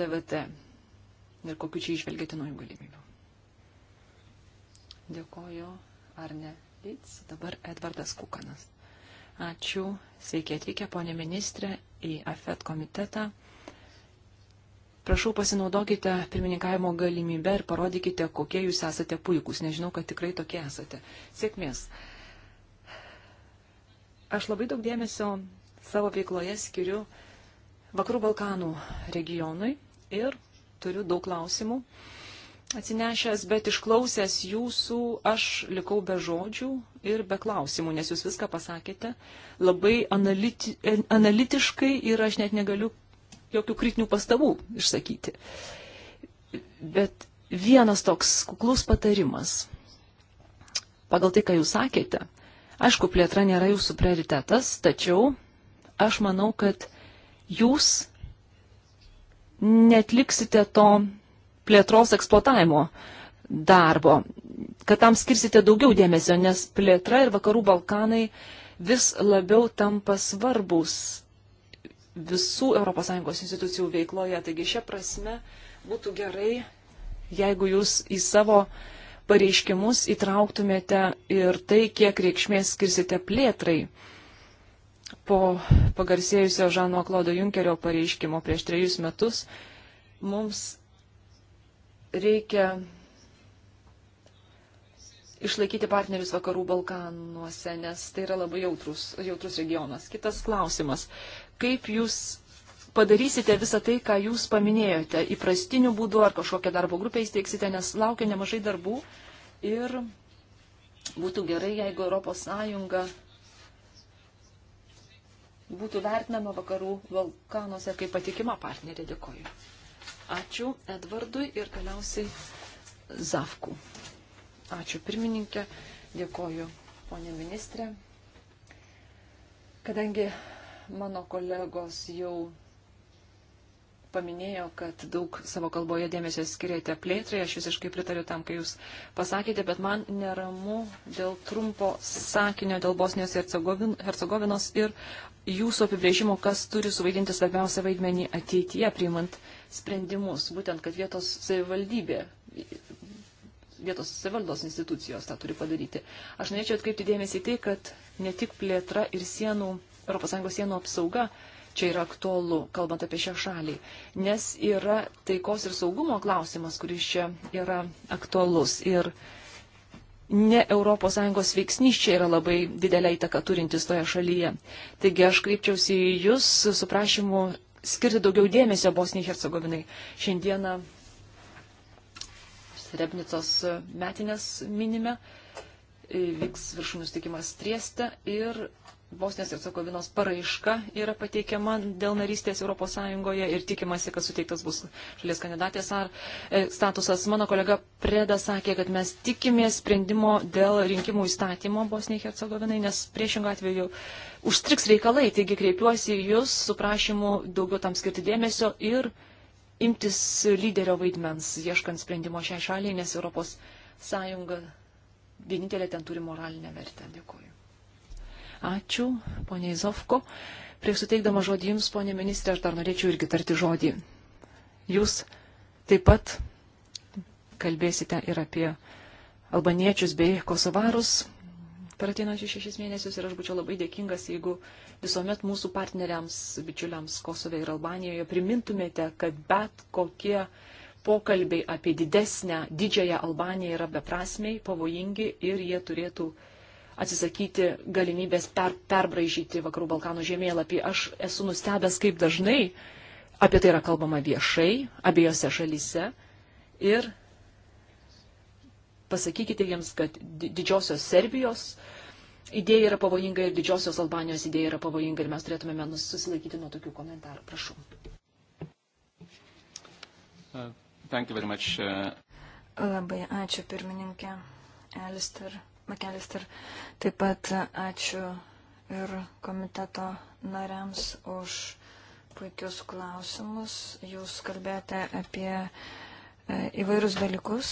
TVT ir kokiu čia išvelgėte naujų galimybių. Dėkoju, ar ne? Lyts, dabar Edvardas Kukanas. Ačiū, sveiki atvykę, ponė ministrė, į AFET komitetą. Prašau pasinaudokite pirmininkavimo galimybę ir parodykite, kokie jūs esate puikūs. Nežinau, kad tikrai tokie esate. Sėkmės. Aš labai daug dėmesio savo veikloje skiriu Vakarų Balkanų regionui ir turiu daug klausimų atsinešęs, bet išklausęs jūsų aš likau be žodžių ir be klausimų, nes jūs viską pasakėte labai analiti, analitiškai ir aš net negaliu jokių kritinių pastabų išsakyti. Bet vienas toks kuklus patarimas. Pagal tai, ką jūs sakėte, aišku, plėtra nėra jūsų prioritetas, tačiau aš manau, kad jūs netliksite to plėtros eksploatavimo darbo, kad tam skirsite daugiau dėmesio, nes plėtra ir vakarų Balkanai vis labiau tampa svarbus visų ES institucijų veikloje. Taigi šia prasme būtų gerai, jeigu jūs į savo pareiškimus įtrauktumėte ir tai, kiek reikšmės skirsite plėtrai po pagarsėjusio Žano Klodo Junkerio pareiškimo prieš trejus metus, mums reikia išlaikyti partnerius vakarų Balkanuose, nes tai yra labai jautrus, jautrus regionas. Kitas klausimas kaip jūs padarysite visą tai, ką jūs paminėjote, įprastiniu būdu ar kažkokią darbo grupę įsteigsite, nes laukia nemažai darbų ir būtų gerai, jeigu ES būtų vertinama vakarų Balkanuose kaip patikima partnerė. Dėkoju. Ačiū Edvardui ir galiausiai Zavku. Ačiū pirmininkė, dėkoju ponė ministrė. Kadangi mano kolegos jau paminėjo, kad daug savo kalboje dėmesio skiriate plėtrai, aš visiškai pritariu tam, kai jūs pasakėte, bet man neramu dėl trumpo sakinio, dėl Bosnijos ir Hercegovinos ir jūsų apibrėžimo, kas turi suvaidinti svarbiausią vaidmenį ateityje, priimant sprendimus, būtent, kad vietos savivaldybė vietos savivaldos institucijos tą turi padaryti. Aš norėčiau atkreipti dėmesį į tai, kad ne tik plėtra ir sienų ES sienų apsauga čia yra aktualu, kalbant apie šią šalį, nes yra taikos ir saugumo klausimas, kuris čia yra aktualus. Ir ne ES veiksnys čia yra labai didelė įtaka turintis toje šalyje. Taigi aš kreipčiausi į Jūs su prašymu skirti daugiau dėmesio Bosnijai Hercegovinai. Šiandieną Srebnicos metinės minime e, vyks viršūnių stikimas Trieste ir Bosnijos ir Cekovinos paraiška yra pateikiama dėl narystės ES ir tikimasi, kad suteiktas bus šalies kandidatės ar e, statusas. Mano kolega Preda sakė, kad mes tikimės sprendimo dėl rinkimų įstatymo Bosnijai ir Cekovinai, nes priešingų atveju užstriks reikalai. Taigi kreipiuosi į Jūs su prašymu daugiau tam skirti dėmesio ir imtis lyderio vaidmens, ieškant sprendimo šiai šaliai, nes ES vienintelė ten turi moralinę vertę. Dėkuoju. Ačiū, ponė Izovko. Prieš suteikdama žodį Jums, ponė ministrė, aš dar norėčiau irgi tarti žodį. Jūs taip pat kalbėsite ir apie albaniečius bei kosovarus per ateinančius šešis mėnesius ir aš būčiau labai dėkingas, jeigu visuomet mūsų partneriams, bičiuliams Kosove ir Albanijoje primintumėte, kad bet kokie pokalbiai apie didesnę, didžiąją Albaniją yra beprasmiai, pavojingi ir jie turėtų atsisakyti galimybės per, perbraižyti Vakarų Balkanų žemėlapį. Aš esu nustebęs, kaip dažnai apie tai yra kalbama viešai abiejose šalyse. Ir pasakykite jiems, kad didžiosios Serbijos idėja yra pavojinga ir didžiosios Albanijos idėja yra pavojinga ir mes turėtumėme susilaikyti nuo tokių komentarų. Prašau. Uh, uh Labai ačiū pirmininkė Alistair. McAllister. Taip pat ačiū ir komiteto nariams už puikius klausimus. Jūs kalbėjote apie e, įvairius dalykus.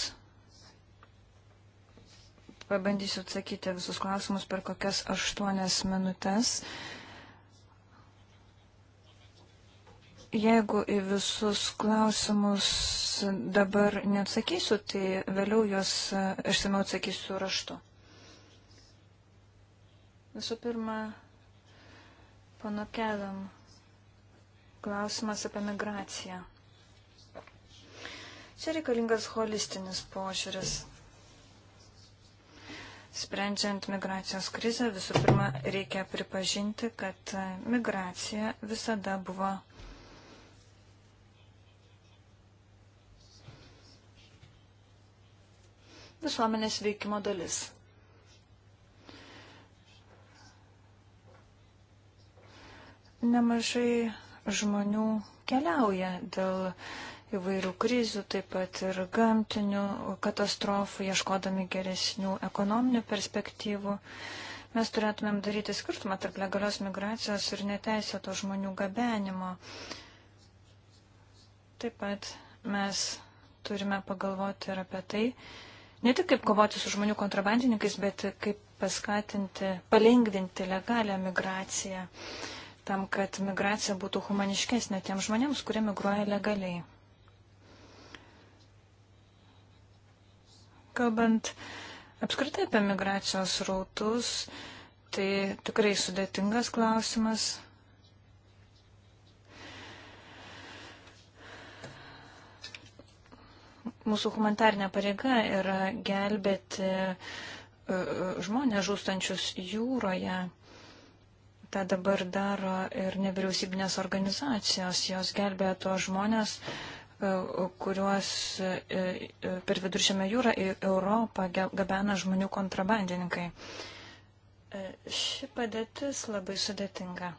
Pabandysiu atsakyti visus klausimus per kokias aštuonias minutės. Jeigu į visus klausimus dabar neatsakysiu, tai vėliau juos e, išsameu atsakysiu raštu. Visų pirma, pano Kedam, klausimas apie migraciją. Čia reikalingas holistinis požiūris. Sprendžiant migracijos krizę, visų pirma, reikia pripažinti, kad migracija visada buvo visuomenės veikimo dalis. Nemažai žmonių keliauja dėl įvairių krizių, taip pat ir gamtinių katastrofų, ieškodami geresnių ekonominių perspektyvų. Mes turėtumėm daryti skirtumą tarp legalios migracijos ir neteisėto žmonių gabenimo. Taip pat mes turime pagalvoti ir apie tai, ne tik kaip kovoti su žmonių kontrabandininkais, bet kaip paskatinti, palengvinti legalią migraciją. Uh, tam, kad migracija būtų humaniškesnė tiem žmonėms, kurie migruoja legaliai. Kalbant apskritai apie migracijos rautus, tai tikrai sudėtingas klausimas. Mūsų humanitarnė pareiga yra gelbėti e, e, žmonės žūstančius jūroje tą dabar daro ir nevyriausybinės organizacijos. Jos gelbėja tuos žmonės, e, kuriuos e, e, per viduržėmę jūrą į Europą gabena žmonių kontrabandininkai. Ši padėtis labai sudėtinga.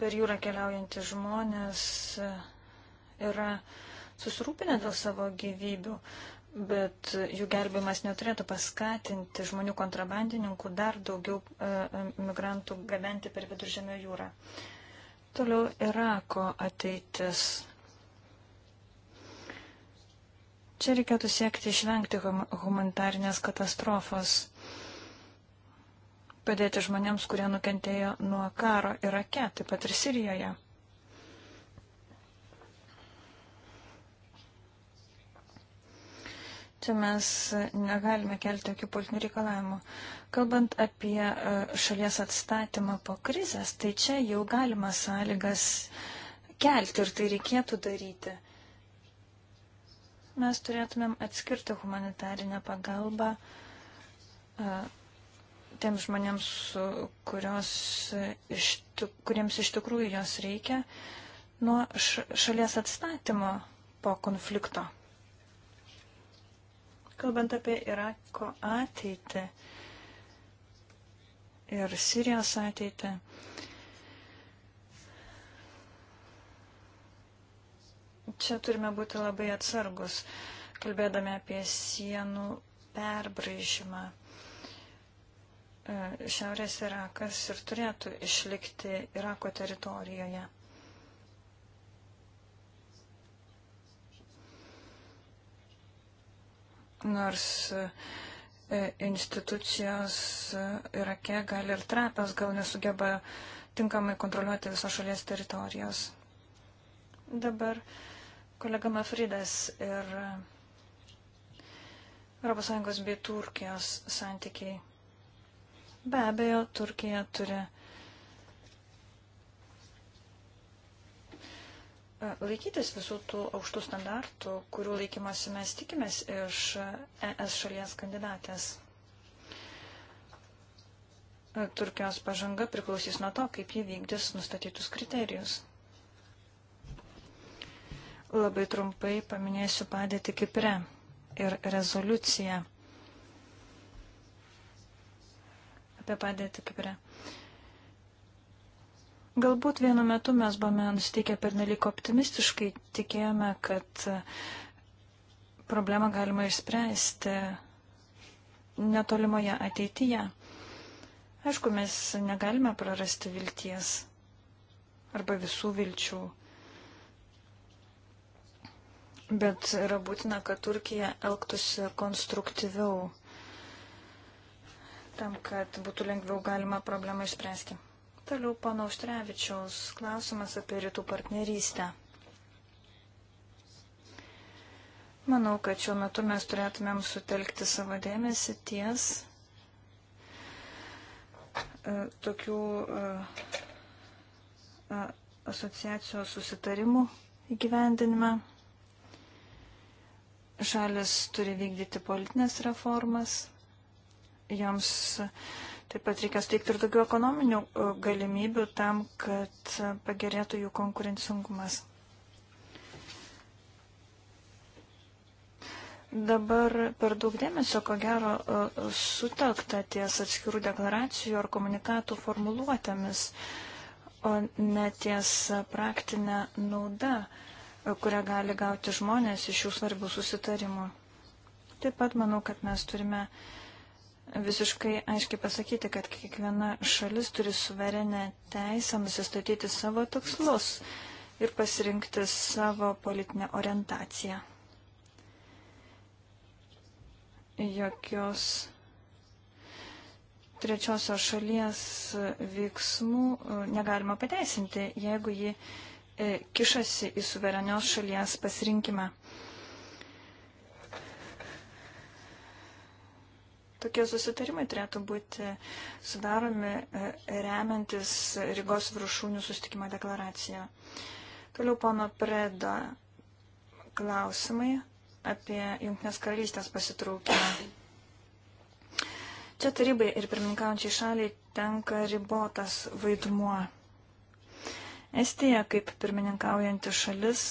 Per jūrą keliaujantys žmonės yra uh, susirūpinę dėl savo gyvybių, bet jų gelbimas neturėtų paskatinti žmonių kontrabandininkų dar daugiau e, e, migrantų gabenti per viduržėmio jūrą. Toliau Irako ateitis. Čia reikėtų siekti išvengti humanitarnės katastrofos, padėti žmonėms, kurie nukentėjo nuo karo Irake, taip pat ir Sirijoje. Čia mes negalime kelti jokių politinių reikalavimų. Kalbant apie e, šalies atstatymą po krizės, tai čia jau galima sąlygas kelti ir tai reikėtų daryti. Mes turėtumėm atskirti humanitarinę pagalbą e, tiems žmonėms, kurios iš, kuriems iš tikrųjų jos reikia, nuo šalies atstatymo po konflikto. Kalbant apie Irako ateitį ir Sirijos ateitį, čia turime būti labai atsargus, kalbėdami apie sienų perbraižymą. E, Šiaurės Irakas ir turėtų išlikti Irako teritorijoje. nors e, institucijos e, Irake gal ir trapios, gal nesugeba tinkamai kontroliuoti viso šalies teritorijos. Dabar kolega Mafridas ir ES bei Turkijos santykiai. Be abejo, Turkija turi laikytis visų tų aukštų standartų, kurių laikymasi mes tikimės iš ES šalies kandidatės. Turkijos pažanga priklausys nuo to, kaip jie vykdys nustatytus kriterijus. Labai trumpai paminėsiu padėtį Kipre ir rezoliuciją apie padėtį Kipre. Galbūt vienu metu mes buvome nusiteikę pernelik optimistiškai, tikėjome, kad e, problemą galima išspręsti netolimoje ateityje. Aišku, mes negalime prarasti vilties arba visų vilčių. Bet yra būtina, kad Turkija elgtųsi konstruktyviau tam, kad būtų lengviau galima problemą išspręsti. Toliau pana Užtrevičiaus klausimas apie rytų partnerystę. Manau, kad šiuo metu mes turėtumėm sutelkti savo dėmesį ties e, tokių e, e, asociacijos susitarimų įgyvendinime. Šalis turi vykdyti politinės reformas, joms uh, Taip pat reikia suteikti ir daugiau ekonominių e, galimybių tam, kad e, pagerėtų jų konkurencingumas. Dabar per daug dėmesio, ko gero, e, sutelkta ties atskirų deklaracijų ar komunikatų formuluotėmis, o ne ties praktinė nauda, kurią gali gauti žmonės iš šių svarbių susitarimų. Taip pat manau, kad mes turime uh, visiškai aiškiai pasakyti, kad kiekviena šalis turi suverenę teisę nusistatyti savo tikslus ir pasirinkti savo politinę orientaciją. Jokios trečiosios šalies veiksmų e, negalima pateisinti, jeigu ji e, kišasi į suverenios šalies pasirinkimą. Tokie susitarimai turėtų būti sudaromi e, remiantis Rygos viršūnių sustikimo deklaraciją. Toliau pono Preda klausimai apie Junktinės karalystės pasitraukimą. Čia tarybai ir pirmininkaujančiai šaliai tenka ribotas vaidmuo. Estija kaip pirmininkaujanti šalis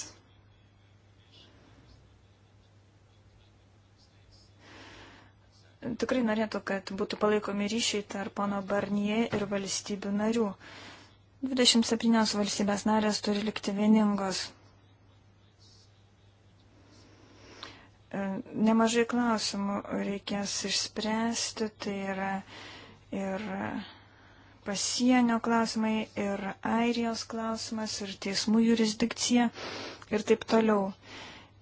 tikrai norėtų, kad būtų palaikomi ryšiai tarp pono Barnie ir valstybių narių. 27 valstybės narės turi likti vieningos. E, nemažai klausimų reikės išspręsti, tai yra ir pasienio klausimai, ir Airijos klausimas, ir teismų jurisdikcija, ir taip toliau.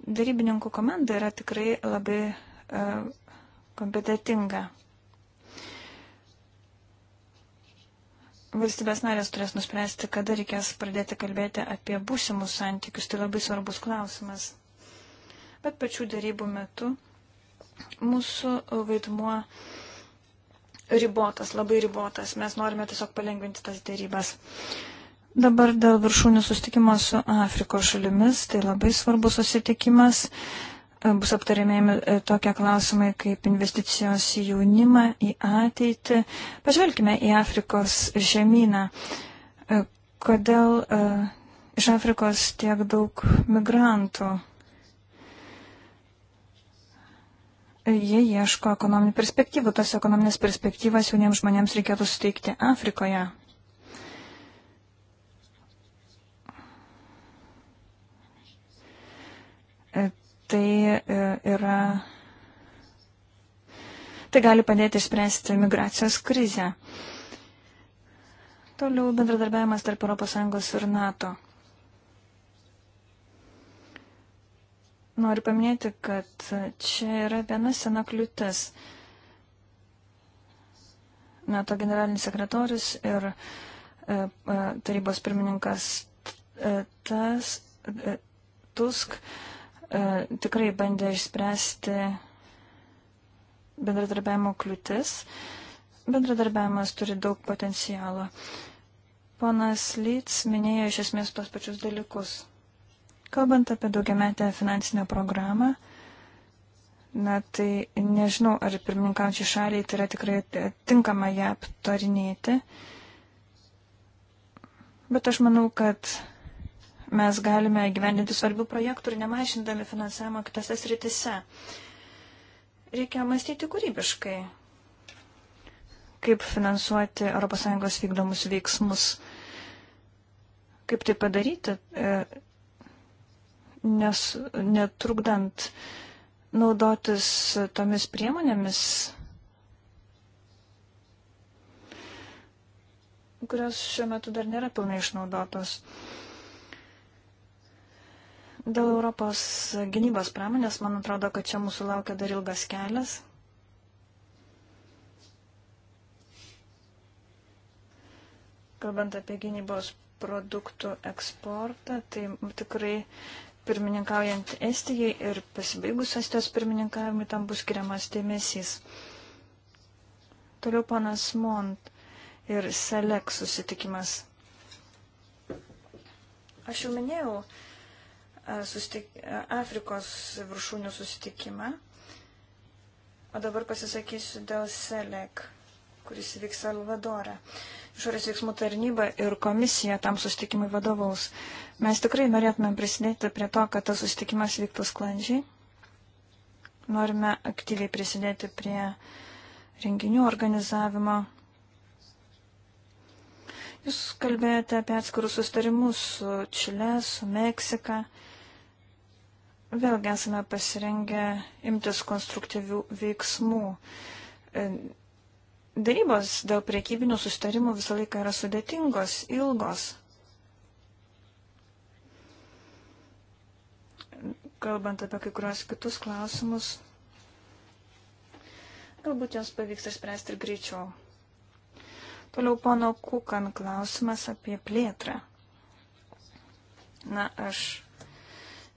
Darybininkų komanda yra tikrai labai uh, kompetitinga. Valstybės narės turės nuspręsti, kada reikės pradėti kalbėti apie būsimus santykius. Tai labai svarbus klausimas. Bet pačių darybų metu mūsų vaidmuo ribotas, labai ribotas. Mes norime tiesiog palengvinti tas dėrybas. Dabar dėl viršūnių sustikimo su Afrikos šalimis, tai labai svarbus susitikimas bus aptarinėjami e, tokie klausimai kaip investicijos į jaunimą, į ateitį. Pažvelkime į Afrikos žemyną. E, kodėl e, iš Afrikos tiek daug migrantų? Jie ieško ekonominių perspektyvų. Tas ekonominės perspektyvas jauniems žmonėms reikėtų suteikti Afrikoje. tai e, yra. Tai gali padėti išspręsti migracijos krizę. Toliau bendradarbiavimas tarp ES ir NATO. Noriu paminėti, kad čia yra viena sena kliūtis. NATO generalinis sekretorius ir e, e tarybos pirmininkas e, tas Tusk E, tikrai bandė išspręsti bendradarbiavimo kliūtis. Bendradarbiavimas turi daug potencialo. Ponas Lyts minėjo iš esmės tos pačius dalykus. Kalbant apie daugiametę finansinę programą, na tai nežinau, ar pirmininkaučiai šaliai tai yra tikrai tinkama ją aptarinėti. Bet aš manau, kad mes galime gyvendinti svarbių projektų ir nemažindami finansavimo kitose sritise. Reikia mąstyti kūrybiškai, kaip finansuoti ES vykdomus veiksmus. Kaip tai padaryti, e, nes netrukdant naudotis tomis priemonėmis, kurios šiuo metu dar nėra pilnai išnaudotos. Uh, Dėl Europos gynybos pramonės, man atrodo, kad čia mūsų laukia dar ilgas kelias. Kalbant apie gynybos produktų eksportą, tai tikrai pirmininkaujant Estijai ir pasibaigus Estijos pirmininkavimui tam bus skiriamas dėmesys. Toliau panas Mont ir Selek susitikimas. Aš jau minėjau, sustik, Afrikos viršūnių susitikimą. O dabar pasisakysiu dėl SELEC, kuris vyks Salvadorą. Išorės veiksmų tarnyba ir komisija tam susitikimui vadovaus. Mes tikrai norėtumėm prisidėti prie to, kad tas susitikimas vyktų sklandžiai. Norime aktyviai prisidėti prie renginių organizavimo. Jūs kalbėjote apie atskirus sustarimus su Čile, su Meksika vėlgi esame pasirengę imtis konstruktyvių veiksmų. E, Darybos dėl priekybinių sustarimų visą laiką yra sudėtingos, ilgos. Kalbant apie kai kurios kitus klausimus, galbūt jos pavyks išspręsti ir greičiau. Toliau pono Kukan klausimas apie plėtrą. Na, aš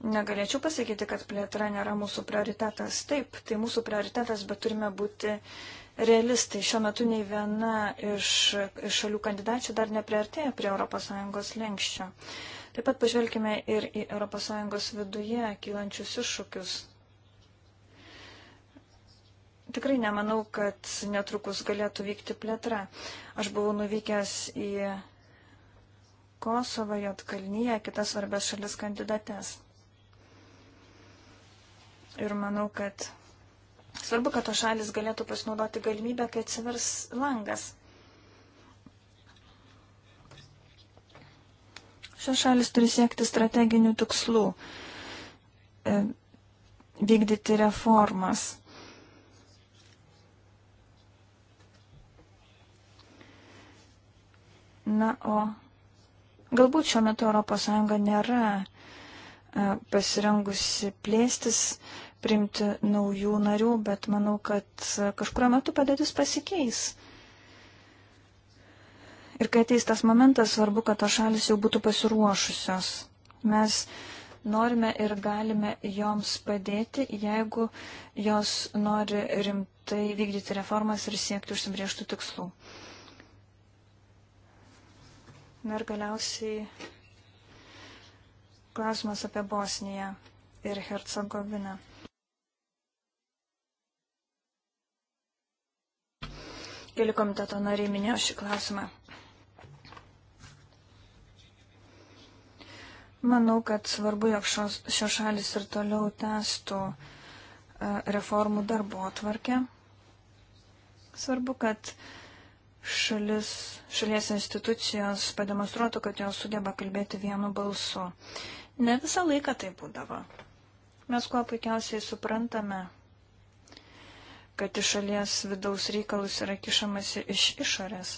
Negalėčiau pasakyti, kad plėtra nėra mūsų prioritetas. Taip, tai mūsų prioritetas, bet turime būti realistai. Šiuo metu nei viena iš, iš šalių kandidačių dar nepriartėja prie ES lenkščio. Taip pat pažvelkime ir į ES viduje kylančius iššūkius. Tikrai nemanau, kad netrukus galėtų vykti plėtra. Aš buvau nuvykęs į Kosovą, Jotkalnyje, kitas svarbės šalis kandidates. Ir manau, kad svarbu, kad to šalis galėtų pasinaudoti galimybę, kai atsivers langas. Šios šalis turi siekti strateginių tikslų, e, vykdyti reformas. Na, o galbūt šiuo metu ES nėra E, pasirengusi plėstis, priimti naujų narių, bet manau, kad e, kažkurio metu padėtis pasikeis. Ir kai ateis tas momentas, svarbu, kad tos šalis jau būtų pasiruošusios. Mes norime ir galime joms padėti, jeigu jos nori rimtai vykdyti reformas ir siekti užsibrieštų tikslų. Na ir galiausiai Klausimas apie Bosniją ir Hercegoviną. Keli komiteto nariai minėjo šį klausimą. Manau, kad svarbu, jog šios, šios šalis ir toliau testų e, reformų darbo atvarkę. Svarbu, kad šalis, šalies institucijos pademonstruotų, kad jos sugeba kalbėti vienu balsu. Uh, Ne visą laiką tai būdavo. Mes kuo puikiausiai suprantame, kad iš šalies vidaus reikalus yra kišamasi iš išorės.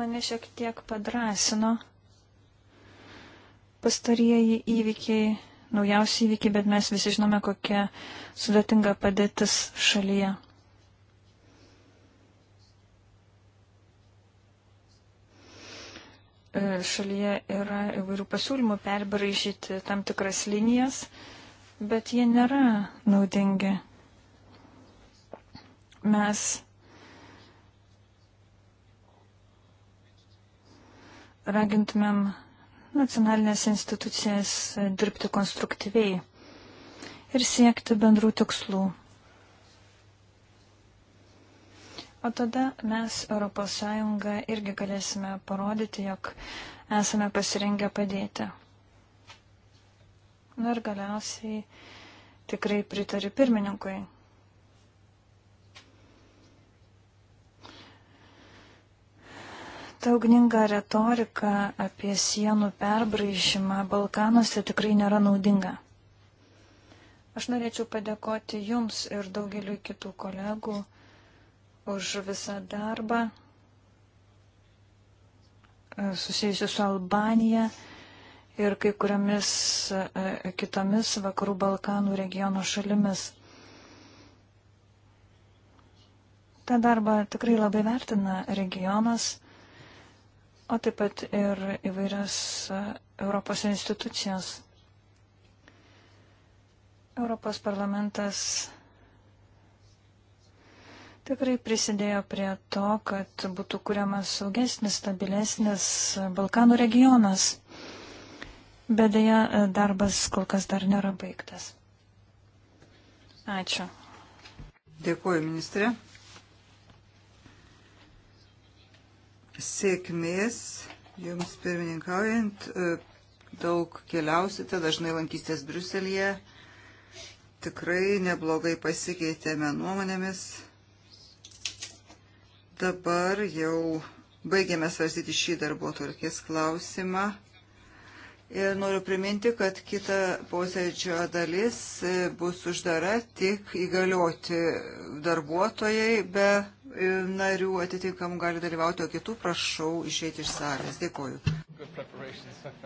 Mane šiek tiek padrasino pastarieji įvykiai, naujausi įvykiai, bet mes visi žinome, kokia sudėtinga padėtis šalyje. E, šalyje yra įvairių pasiūlymų perbraižyti tam tikras linijas, bet jie nėra naudingi. Mes ragintumėm nacionalinės institucijas dirbti konstruktyviai ir siekti bendrų tikslų. O tada mes ES irgi galėsime parodyti, jog esame pasirengę padėti. Na ir galiausiai tikrai pritariu pirmininkui. Ta ugninga retorika apie sienų perbraižymą Balkanuose tikrai nėra naudinga. Aš norėčiau padėkoti Jums ir daugeliu kitų kolegų už visą darbą e, susijusiu su Albanija ir kai kuriamis e, kitomis vakarų Balkanų regiono šalimis. Ta darba tikrai labai vertina regionas, o taip pat ir įvairias e, Europos institucijos. Europos parlamentas tikrai prisidėjo prie to, kad būtų kuriamas saugesnis, stabilesnis Balkanų regionas. Bet dėja, darbas kol kas dar nėra baigtas. Ačiū. Dėkuoju, ministrė. Sėkmės jums pirmininkaujant. Daug keliausite, dažnai lankysitės Bruselėje. Tikrai neblogai pasikeitėme nuomonėmis. Dabar jau baigėme svarstyti šį darbo tvarkės klausimą. Ir noriu priminti, kad kita posėdžio dalis bus uždara tik įgalioti darbuotojai, be narių atitinkamų gali dalyvauti, o kitų prašau išeiti iš salės. Dėkoju.